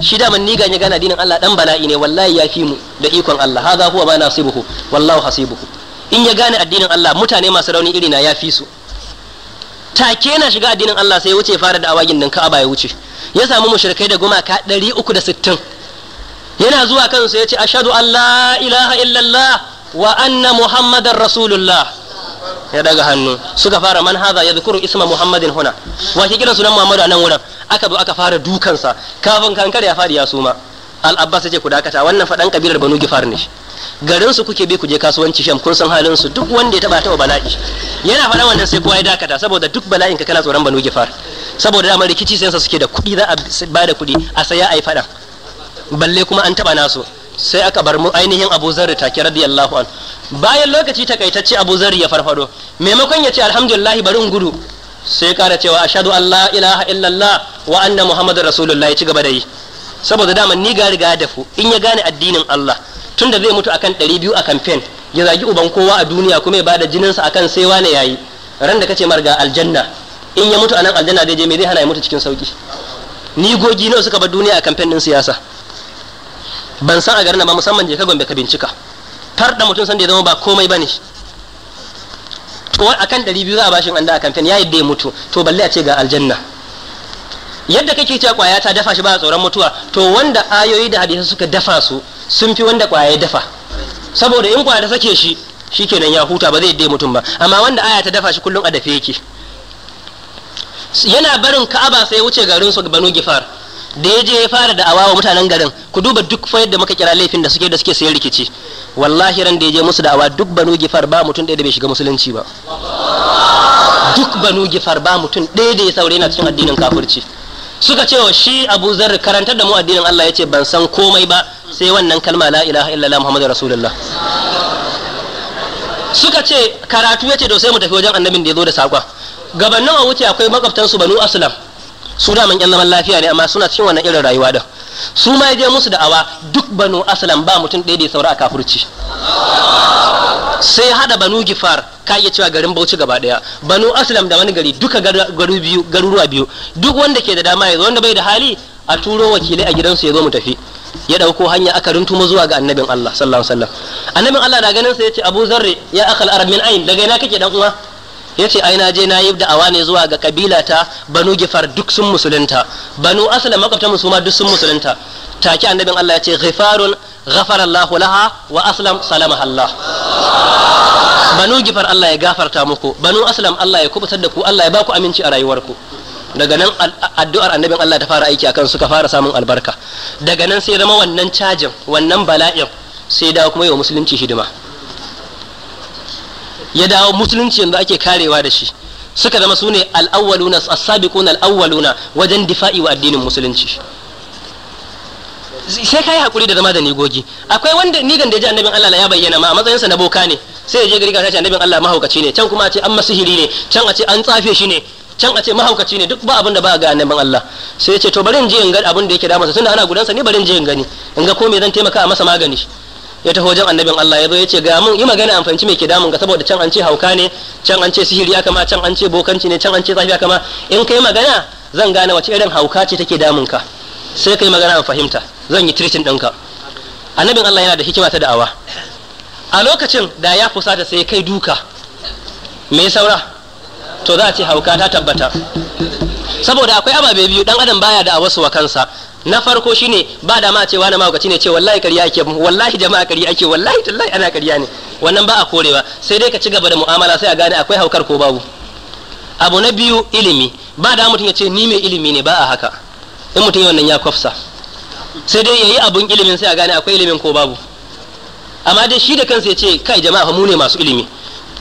shi da ni ganye gana dinin Allah dan bala'i ne wallahi ya fi mu da ikon Allah hadha huwa ma nasibuhu wallahu hasibuhu in ya gane addinin Allah mutane masu rauni irina ya fi su take na shiga addinin Allah sai ya wuce fara da awagin nan Ka'aba ya wuce ya samu mushrikai da gumaka 360 yana zuwa kansu ya ce ashhadu an la ilaha illallah wa anna muhammadar rasulullah ya daga hannu suka fara man ya zikuru isma muhammadin huna wa ke kiran sunan muhammadu a nan wurin aka zo aka fara dukansa kafin kankare ya fadi ya suma al abbas ya ce ku dakata wannan fadan kabilar banu gifar ne garin su kuke bi ku je kasuwanci sham kun san halin su duk wanda ya taba taba bala'i yana faɗa wannan sai kowa ya dakata saboda duk bala'in ka kana tsoron banu gifar saboda dama rikici sai suke da kuɗi za a ba da kuɗi a saya a fada faɗa balle kuma an taba nasu sai aka bar mu ainihin Abu ta ki radiyallahu an bayan lokaci takaitacce Abu Zar ya farfado maimakon ya ce alhamdulillah bari in gudu sai kara cewa ashhadu an la ilaha illallah wa anna muhammadar rasulullah ya ci gaba da yi saboda dama ni ga riga da ku in ya gane addinin Allah tunda zai mutu akan 200 a kamfen ya zagi uban kowa a duniya kuma ya bada jininsa akan sai wane yayi ran da kace marga aljanna in ya mutu anan aljanna zai je me zai hana ya mutu cikin sauki ni gogi nawa suka bar duniya a kamfen din siyasa ban san a garin ba musamman je ka gombe ka bincika farda mutum san da ya zama ba komai bane to akan 200 za a bashin anda a kamfen yayi da ya mutu to balle a ce ga aljanna yadda kake cewa kwaya ta dafa shi ba tsoron mutuwa to wanda ayoyi da hadisi suka dafa su sun fi wanda kwaya ya dafa saboda in kwaya ta sake shi shikenan ya huta ba zai dai mutum ba amma wanda aya ta dafa shi kullum a dafe yake yana barin ka'aba sai wuce garin su banu gifar da ya je ya fara da awawa mutanen garin ku duba duk fa yadda muka kira laifin da suke da suke sai rikici wallahi ran da ya je musu da awa duk banu gifar ba mutum ɗaya da bai shiga musulunci ba duk banu gifar ba mutum ɗaya da ya saurayi na cikin addinin kafirci suka cewa shi abu zarri karantar da mu addinin Allah ya ce ban san komai ba sai wannan kalma la ilaha illallah muhammadu rasulullah suka ce karatu yace to sai mu tafi wajen annabin da ya da sakwa gabanin a wuce akwai su banu aslam su daman yan zaman lafiya ne amma suna cikin wannan irin rayuwa da su ma ya je musu da'awa duk banu aslam ba mutum ɗaya da ya saura a kafurci sai hada banu gifar ka iya cewa garin bauchi gaba daya banu aslam da wani gari duka garu biyu garuruwa biyu duk wanda ke da dama yazo wanda bai da hali a turo wakilai a gidansu ya zo mu tafi ya dauko hanya aka runtumo zuwa ga annabin Allah sallallahu alaihi wasallam annabin Allah da ganin sa yace Abu Zarri ya akal arab min ain daga ina kake dan uwa yace ai na je na yi da'awa ne zuwa ga kabila ta Banu Gifar duk sun musulunta Banu Aslam makwabtan ma duk sun musulunta take annabin Allah yace ghifarun Allah laha wa aslam salama Allah Banu Gifar Allah ya gafarta muku Banu Aslam Allah ya kubutar da ku Allah ya baku aminci a rayuwarku daga nan addu'ar annabin Allah ta fara aiki akan suka fara samun albarka daga nan sai zama wannan cajin wannan bala'in sai dawo kuma yawa musulunci hidima ya dawo musulunci yanzu ake karewa da shi suka zama su ne al'awwaluna as-sabiquna al'awwaluna wajen difa'i wa addinin musulunci sai kai hakuri da zama da nigogi akwai wanda ni da ji annabin Allah ya bayyana ma a matsayinsa na boka ne sai ya je gari ga ce annabin Allah mahaukaci ne can kuma a ce an masihiri ne can a ce an tsafe shi ne can a ce mahaukaci ne duk ba abin da ba a ga neman Allah sai ya ce to bari in je in ga abin da yake masa tunda ana gudansa ne bari in je in gani in ga ko me zan taimaka a masa magani ya taho wajen annabin Allah ya zo ya ce ga mun yi magana amfanci mai ke damun ka saboda can an ce hauka ne can an ce sihiri aka ma can an ce bokanci ne can an ce tsafi aka ma in kai magana zan gane wace irin hauka ce take damun ka sai kai magana an fahimta zan yi treating ɗinka annabin Allah yana da hikima ta da'awa a lokacin da ya fusata sai kai duka me saura to za a ce hauka ta tabbata saboda akwai ababe biyu dan adam baya da a wasu wa kansa na farko shine ba da ma ce wani mahaukaci ne ce wallahi kariya ake wallahi jama'a kariya ake wallahi tallahi ana kariya ne wannan ba a korewa sai dai ka ci gaba da mu'amala sai a gane akwai haukar ko babu abu na biyu ilimi ba da mutum ya ce ni mai ilimi ne ba a haka in mutum ya wannan ya kwafsa sai dai yayi abun ilimin sai a gane akwai ilimin ko babu amma dai shi da kansa ya ce kai jama'a mu ne masu ilimi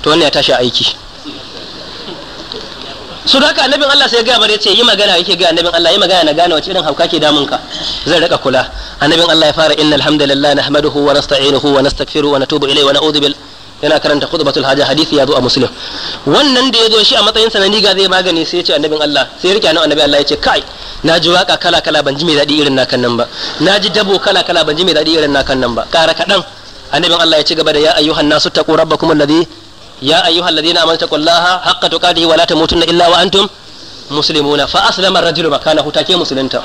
to wannan ya tashi aiki su da haka annabin Allah sai ya gaya bare ce yi magana yake ga annabin Allah yi magana na gane wace irin hauka ke damun ka zai rika kula annabin Allah ya fara innal hamdalillah nahmaduhu wa nasta'inuhu wa nastaghfiru wa natubu ilayhi wa na'udhu bil yana karanta khutbatul haja hadisi ya zo a muslim wannan da ya zo shi a matsayin sa na niga zai magani sai ya ce annabin Allah sai ya rike nan annabi Allah ya ce kai na ji waka kala kala ban ji mai daɗi irin nakan nan ba na ji dabo kala kala ban ji mai daɗi irin nakan nan ba kara kaɗan annabin Allah ya ci gaba da ya ayyuhan nasu taqu rabbakum alladhi ya ayyuhal ladina amanu taqullaha haqqa tuqatihi wa la tamutunna illa wa antum muslimuna fa aslama ar-rajulu makanahu take musulunta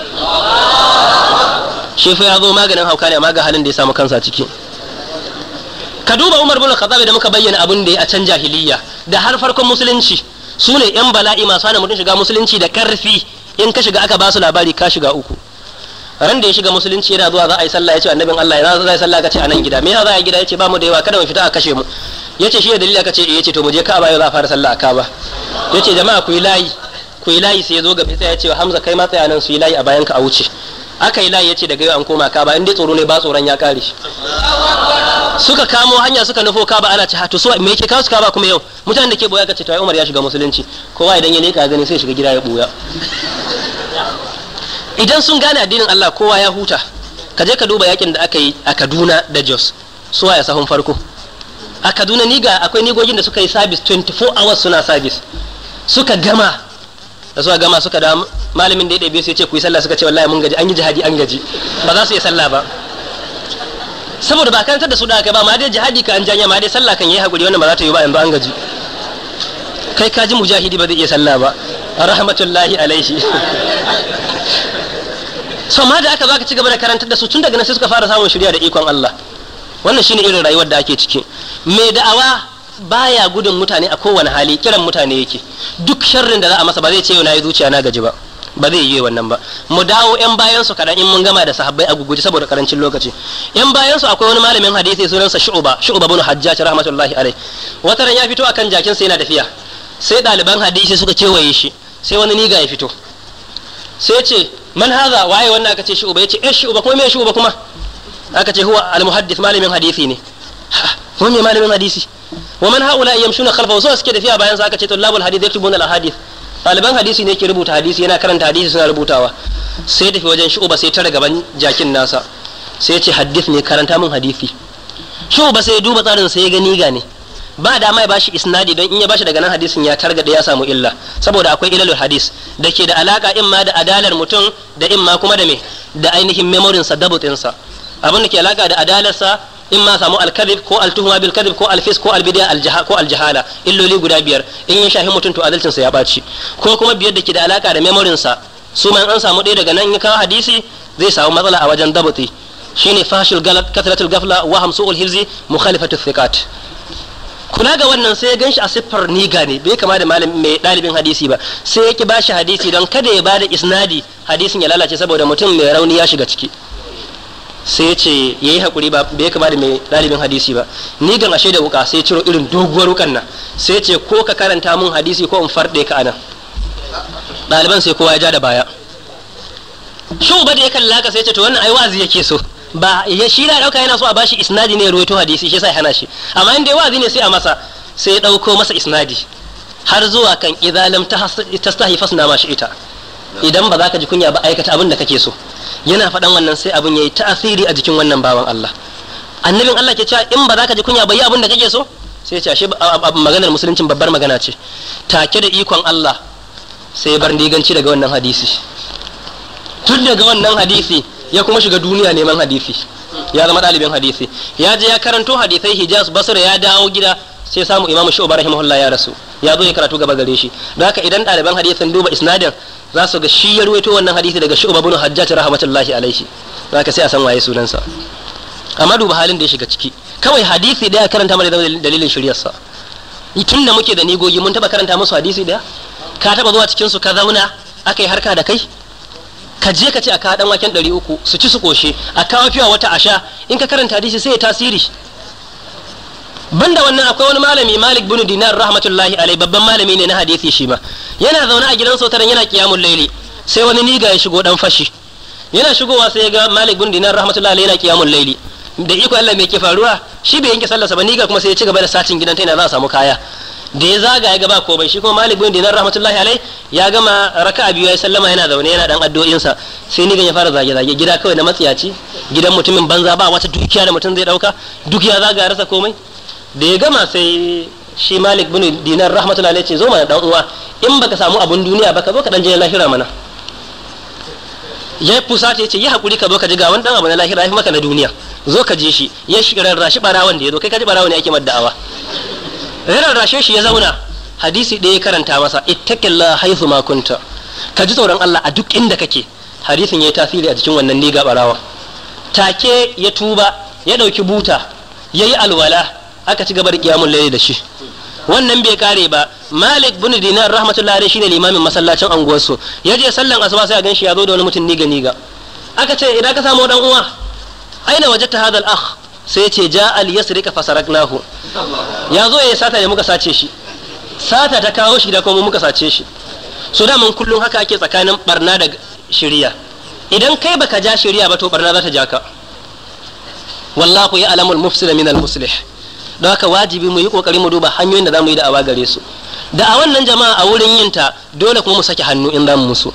shi fa ya zo maganin hauka ne amma ga halin da ya samu kansa ciki ka duba Umar bin Khattab da muka bayyana abun da ya can jahiliya da har farkon musulunci su ne yan bala'i masu hana mutum shiga musulunci da karfi in ka shiga aka ba su labari ka shiga uku ran da ya shiga musulunci yana zuwa za a yi sallah ya ce annabin Allah ya za a yi sallah ka ce a nan gida me ya za a yi gida ya ce ba mu da yawa kada mu fita a kashe mu yace shi da dalila aka ce eh yace to mu je Ka'aba yau za a fara sallah a Ka'aba yace jama'a ku yi layi ku yi layi sai ya zo gaba sai ya ce Hamza kai ma tsaya nan su yi layi a bayan ka a wuce aka yi layi yace daga yau an koma Ka'aba in dai tsoro ne ba tsoron ya kare suka kamo hanya suka nufo Ka'aba ana ce ha to so me yake kawo su Ka'aba kuma yau mutanen da ke boya aka ce to ai Umar ya shiga musulunci kowa idan ya leka gani sai shiga gida ya buya idan sun gane addinin Allah kowa ya huta ka je ka duba yakin da aka yi a Kaduna da Jos suwa ya sahun farko a kaduna niga akwai nigogin da suka yi sabis 24 hours suna sabis suka gama da suka gama suka da malamin da ya ɗabe su ya ce ku yi sallah suka ce wallahi mun gaji an yi jihadi an gaji ba za su yi sallah ba saboda ba karantar da su da aka ba ma dai jihadi ka an janya ma dai sallah kan yi hakuri wannan ba za ta yi ba yanzu an gaji kai kaji mujahidi ba zai iya sallah ba rahmatullahi alaihi so ma da aka zaka ci gaba da karantar da su tun daga nan sai suka fara samun shirya da ikon Allah wannan shine irin rayuwar da ake ciki mai da'awa baya gudun mutane a kowane hali kiran mutane yake duk sharrin da za a masa ba zai ce yau na yi zuciya na gaji ba ba zai yi wannan ba mu dawo yan bayan su kadan in mun gama da sahabbai a guguje saboda karancin lokaci yan bayan su akwai wani malamin hadisi sa shu'ba shu'ba bin hajjaj rahmatullahi alai wata ran ya fito akan jakin sa yana tafiya sai ɗaliban hadisi suka kewaye shi sai wani niga ya fito sai ce man haza waye wannan aka ce shu'ba yace eh shu'ba kuma me shu'ba kuma aka ce huwa almuhaddith malamin hadisi ne mun ne malamin hadisi wa man haula yamshuna khalfahu so suke tafiya bayan sa aka ce tullabul hadith yaktubuna alhadith ɗaliban hadisi ne ke rubuta hadisi yana karanta hadisi suna rubutawa sai tafi wajen shu'uba sai tara gaban jakin nasa sai ce hadith ne karanta mun hadisi shu'uba sai duba tsarin sai ya gani gane ba da mai bashi isnadi don in ya bashi daga nan hadisin ya da ya samu illa saboda akwai ilalul hadis da ke da alaka imma da adalar mutum da imma kuma da me da ainihin memorinsa dabutinsa abin da ke alaka da adalarsa in ma samu alkadib ko altuhuma bil kadib ko alfis ko albidiya aljaha ko aljahala illoli guda biyar in ya shahi mutum to adalcin sa ya baci ko kuma biyar da ke da alaka da memorin sa su ma an samu ɗaya daga nan in kawo hadisi zai samu matsala a wajen dabati shine fashil galat kathratul gafla wa hamsu'ul hifzi mukhalifatu thiqat kula ga wannan sai ya ganshi a siffar niga ne bai kama da malam mai ɗalibin hadisi ba sai ya ki bashi hadisi don kada ya bada isnadi hadisin ya lalace saboda mutum mai rauni ya shiga ciki sai ce ya yi haƙuri ba bai kama da mai ɗalibin hadisi ba ni gan ashe da wuka sai ciro irin doguwar wukan nan sai ce ko ka karanta mun hadisi ko in farɗe ka anan ɗaliban sai kowa ya ja da baya ba da ya kalla ka sai ce to wannan ai wazi yake so ba ya shi na ɗauka yana so a bashi isnadi ne ya ruwaito hadisi shi yasa hana shi amma inda wazi ne sai a masa sai ya ɗauko masa isnadi har zuwa kan idza ta tastahi fasna mashi ita idan ba za ka ji kunya ba aikata abin da kake so yana faɗan wannan sai abin yi ta'asiri a jikin wannan bawan Allah annabin Allah ke cewa in ba za ka ji kunya ba yi abin da kake so sai ce maganar musuluncin babbar magana ce take da ikon Allah sai bar diganci daga wannan hadisi tun daga wannan hadisi ya kuma shiga duniya neman hadisi ya zama ɗalibin hadisi ya je ya karanto hadisai hijaz basra ya dawo gida sai samu imamu shu'ba rahimahullah ya rasu ya zo ya karatu gaba gare shi haka idan ɗaliban hadisin duba isnadin za su ga shi ya ruwaito wannan hadisi daga shu'ba bin hajjaj rahmatullahi alaihi ka sai a san waye sunansa amma duba halin da ya shiga ciki kawai hadisi daya karanta mana dalilin shiryarsa tun da muke da nigogi mun taba karanta musu hadisi daya ka taba zuwa cikin su ka zauna aka yi harka da kai ka je ka ce a kawo dan waken uku su ci su koshe a kawo fiwa wata asha in ka karanta hadisi sai ya tasiri banda wannan akwai wani malami malik bin dinar rahmatullahi alai babban malami ne na hadisi shi ma yana zaune a gidan sautaran yana kiyamul laili sai wani niga ya shigo dan fashi yana shigowa sai ya ga malik bin dinar rahmatullahi alai yana kiyamul laili da iko Allah mai ke faruwa shi bai yanke sallarsa ba niga kuma sai ya ci gaba da satin gidan ta ina za a samu kaya da ya zaga ya gaba ko bai shi kuma malik bin dinar rahmatullahi alai ya gama raka'a biyu ya sallama yana zaune yana dan addu'o'insa sai ni ya fara zage zage gida kawai na matsiyaci gidan mutumin banza ba wata dukiya da mutum zai dauka duk ya zaga ya rasa komai da ya gama sai shi malik bin dinar rahmatullahi alaihi ce zo mana dan uwa in baka samu abun duniya ba ka zo ka dan je lahira mana ya fusa ta ce yi hakuri ka zo ka ji ga wani dan abu na lahira ya maka na duniya zo ka je shi ya shi rarrashi barawan da ya zo kai ka ji barawan ne ake madda'awa rarrashe shi ya zauna hadisi ɗaya ya karanta masa ita haythu ma kunta ka ji tsoron Allah a duk inda kake hadisin yi tasiri a cikin wannan niga barawa take ya tuba ya ɗauki buta ya yi alwala aka ci gaba da kiyamun laili da shi wannan bai kare ba malik bin dinar rahmatullahi alaihi shine limamin masallacin anguwarsu ya je sallan asuba sai a ganshi ya zo da wani mutum niga niga aka ce idan ka samu dan uwa aina wajadta hadal akh sai ya ce ja al yasrika fasaraknahu ya zo ya sata da muka sace shi sata ta kawo shi da kuma muka sace shi so daman kullun haka ake tsakanin barna da shari'a idan kai baka ja shari'a ba to barna za ta ja ka wallahu ya alamul mufsida min al muslih don haka wajibi mu yi kokari mu duba hanyoyin da zamu yi da'awa gare su da a wannan jama'a a wurin yin ta dole kuma mu saki hannu in zamu musu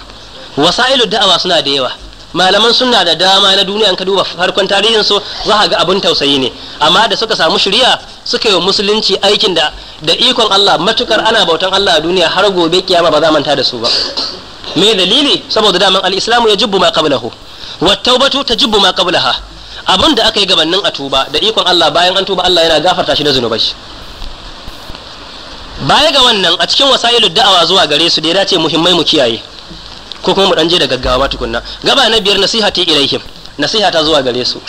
wasailu da'awa suna da yawa malaman suna da dama na duniya ka duba farkon tarihin su za ka ga abun tausayi ne amma da suka samu shiriya suka yi musulunci aikin da da ikon Allah matukar ana bautan Allah a duniya har gobe kiyama ba za manta da su ba me dalili saboda daman al-islamu yajibu ma qablahu wat tawbatu tajibu ma qablaha abin da aka yi gabanin a tuba da ikon Allah bayan an tuba Allah yana gafarta shi da zunubai baya ga wannan a cikin wasailu da'awa zuwa gare su da ya dace muhimmai mu kiyaye ko kuma mu dan je da gaggawa tukunna gaba na biyar nasihati ilaihim nasiha ta zuwa gare su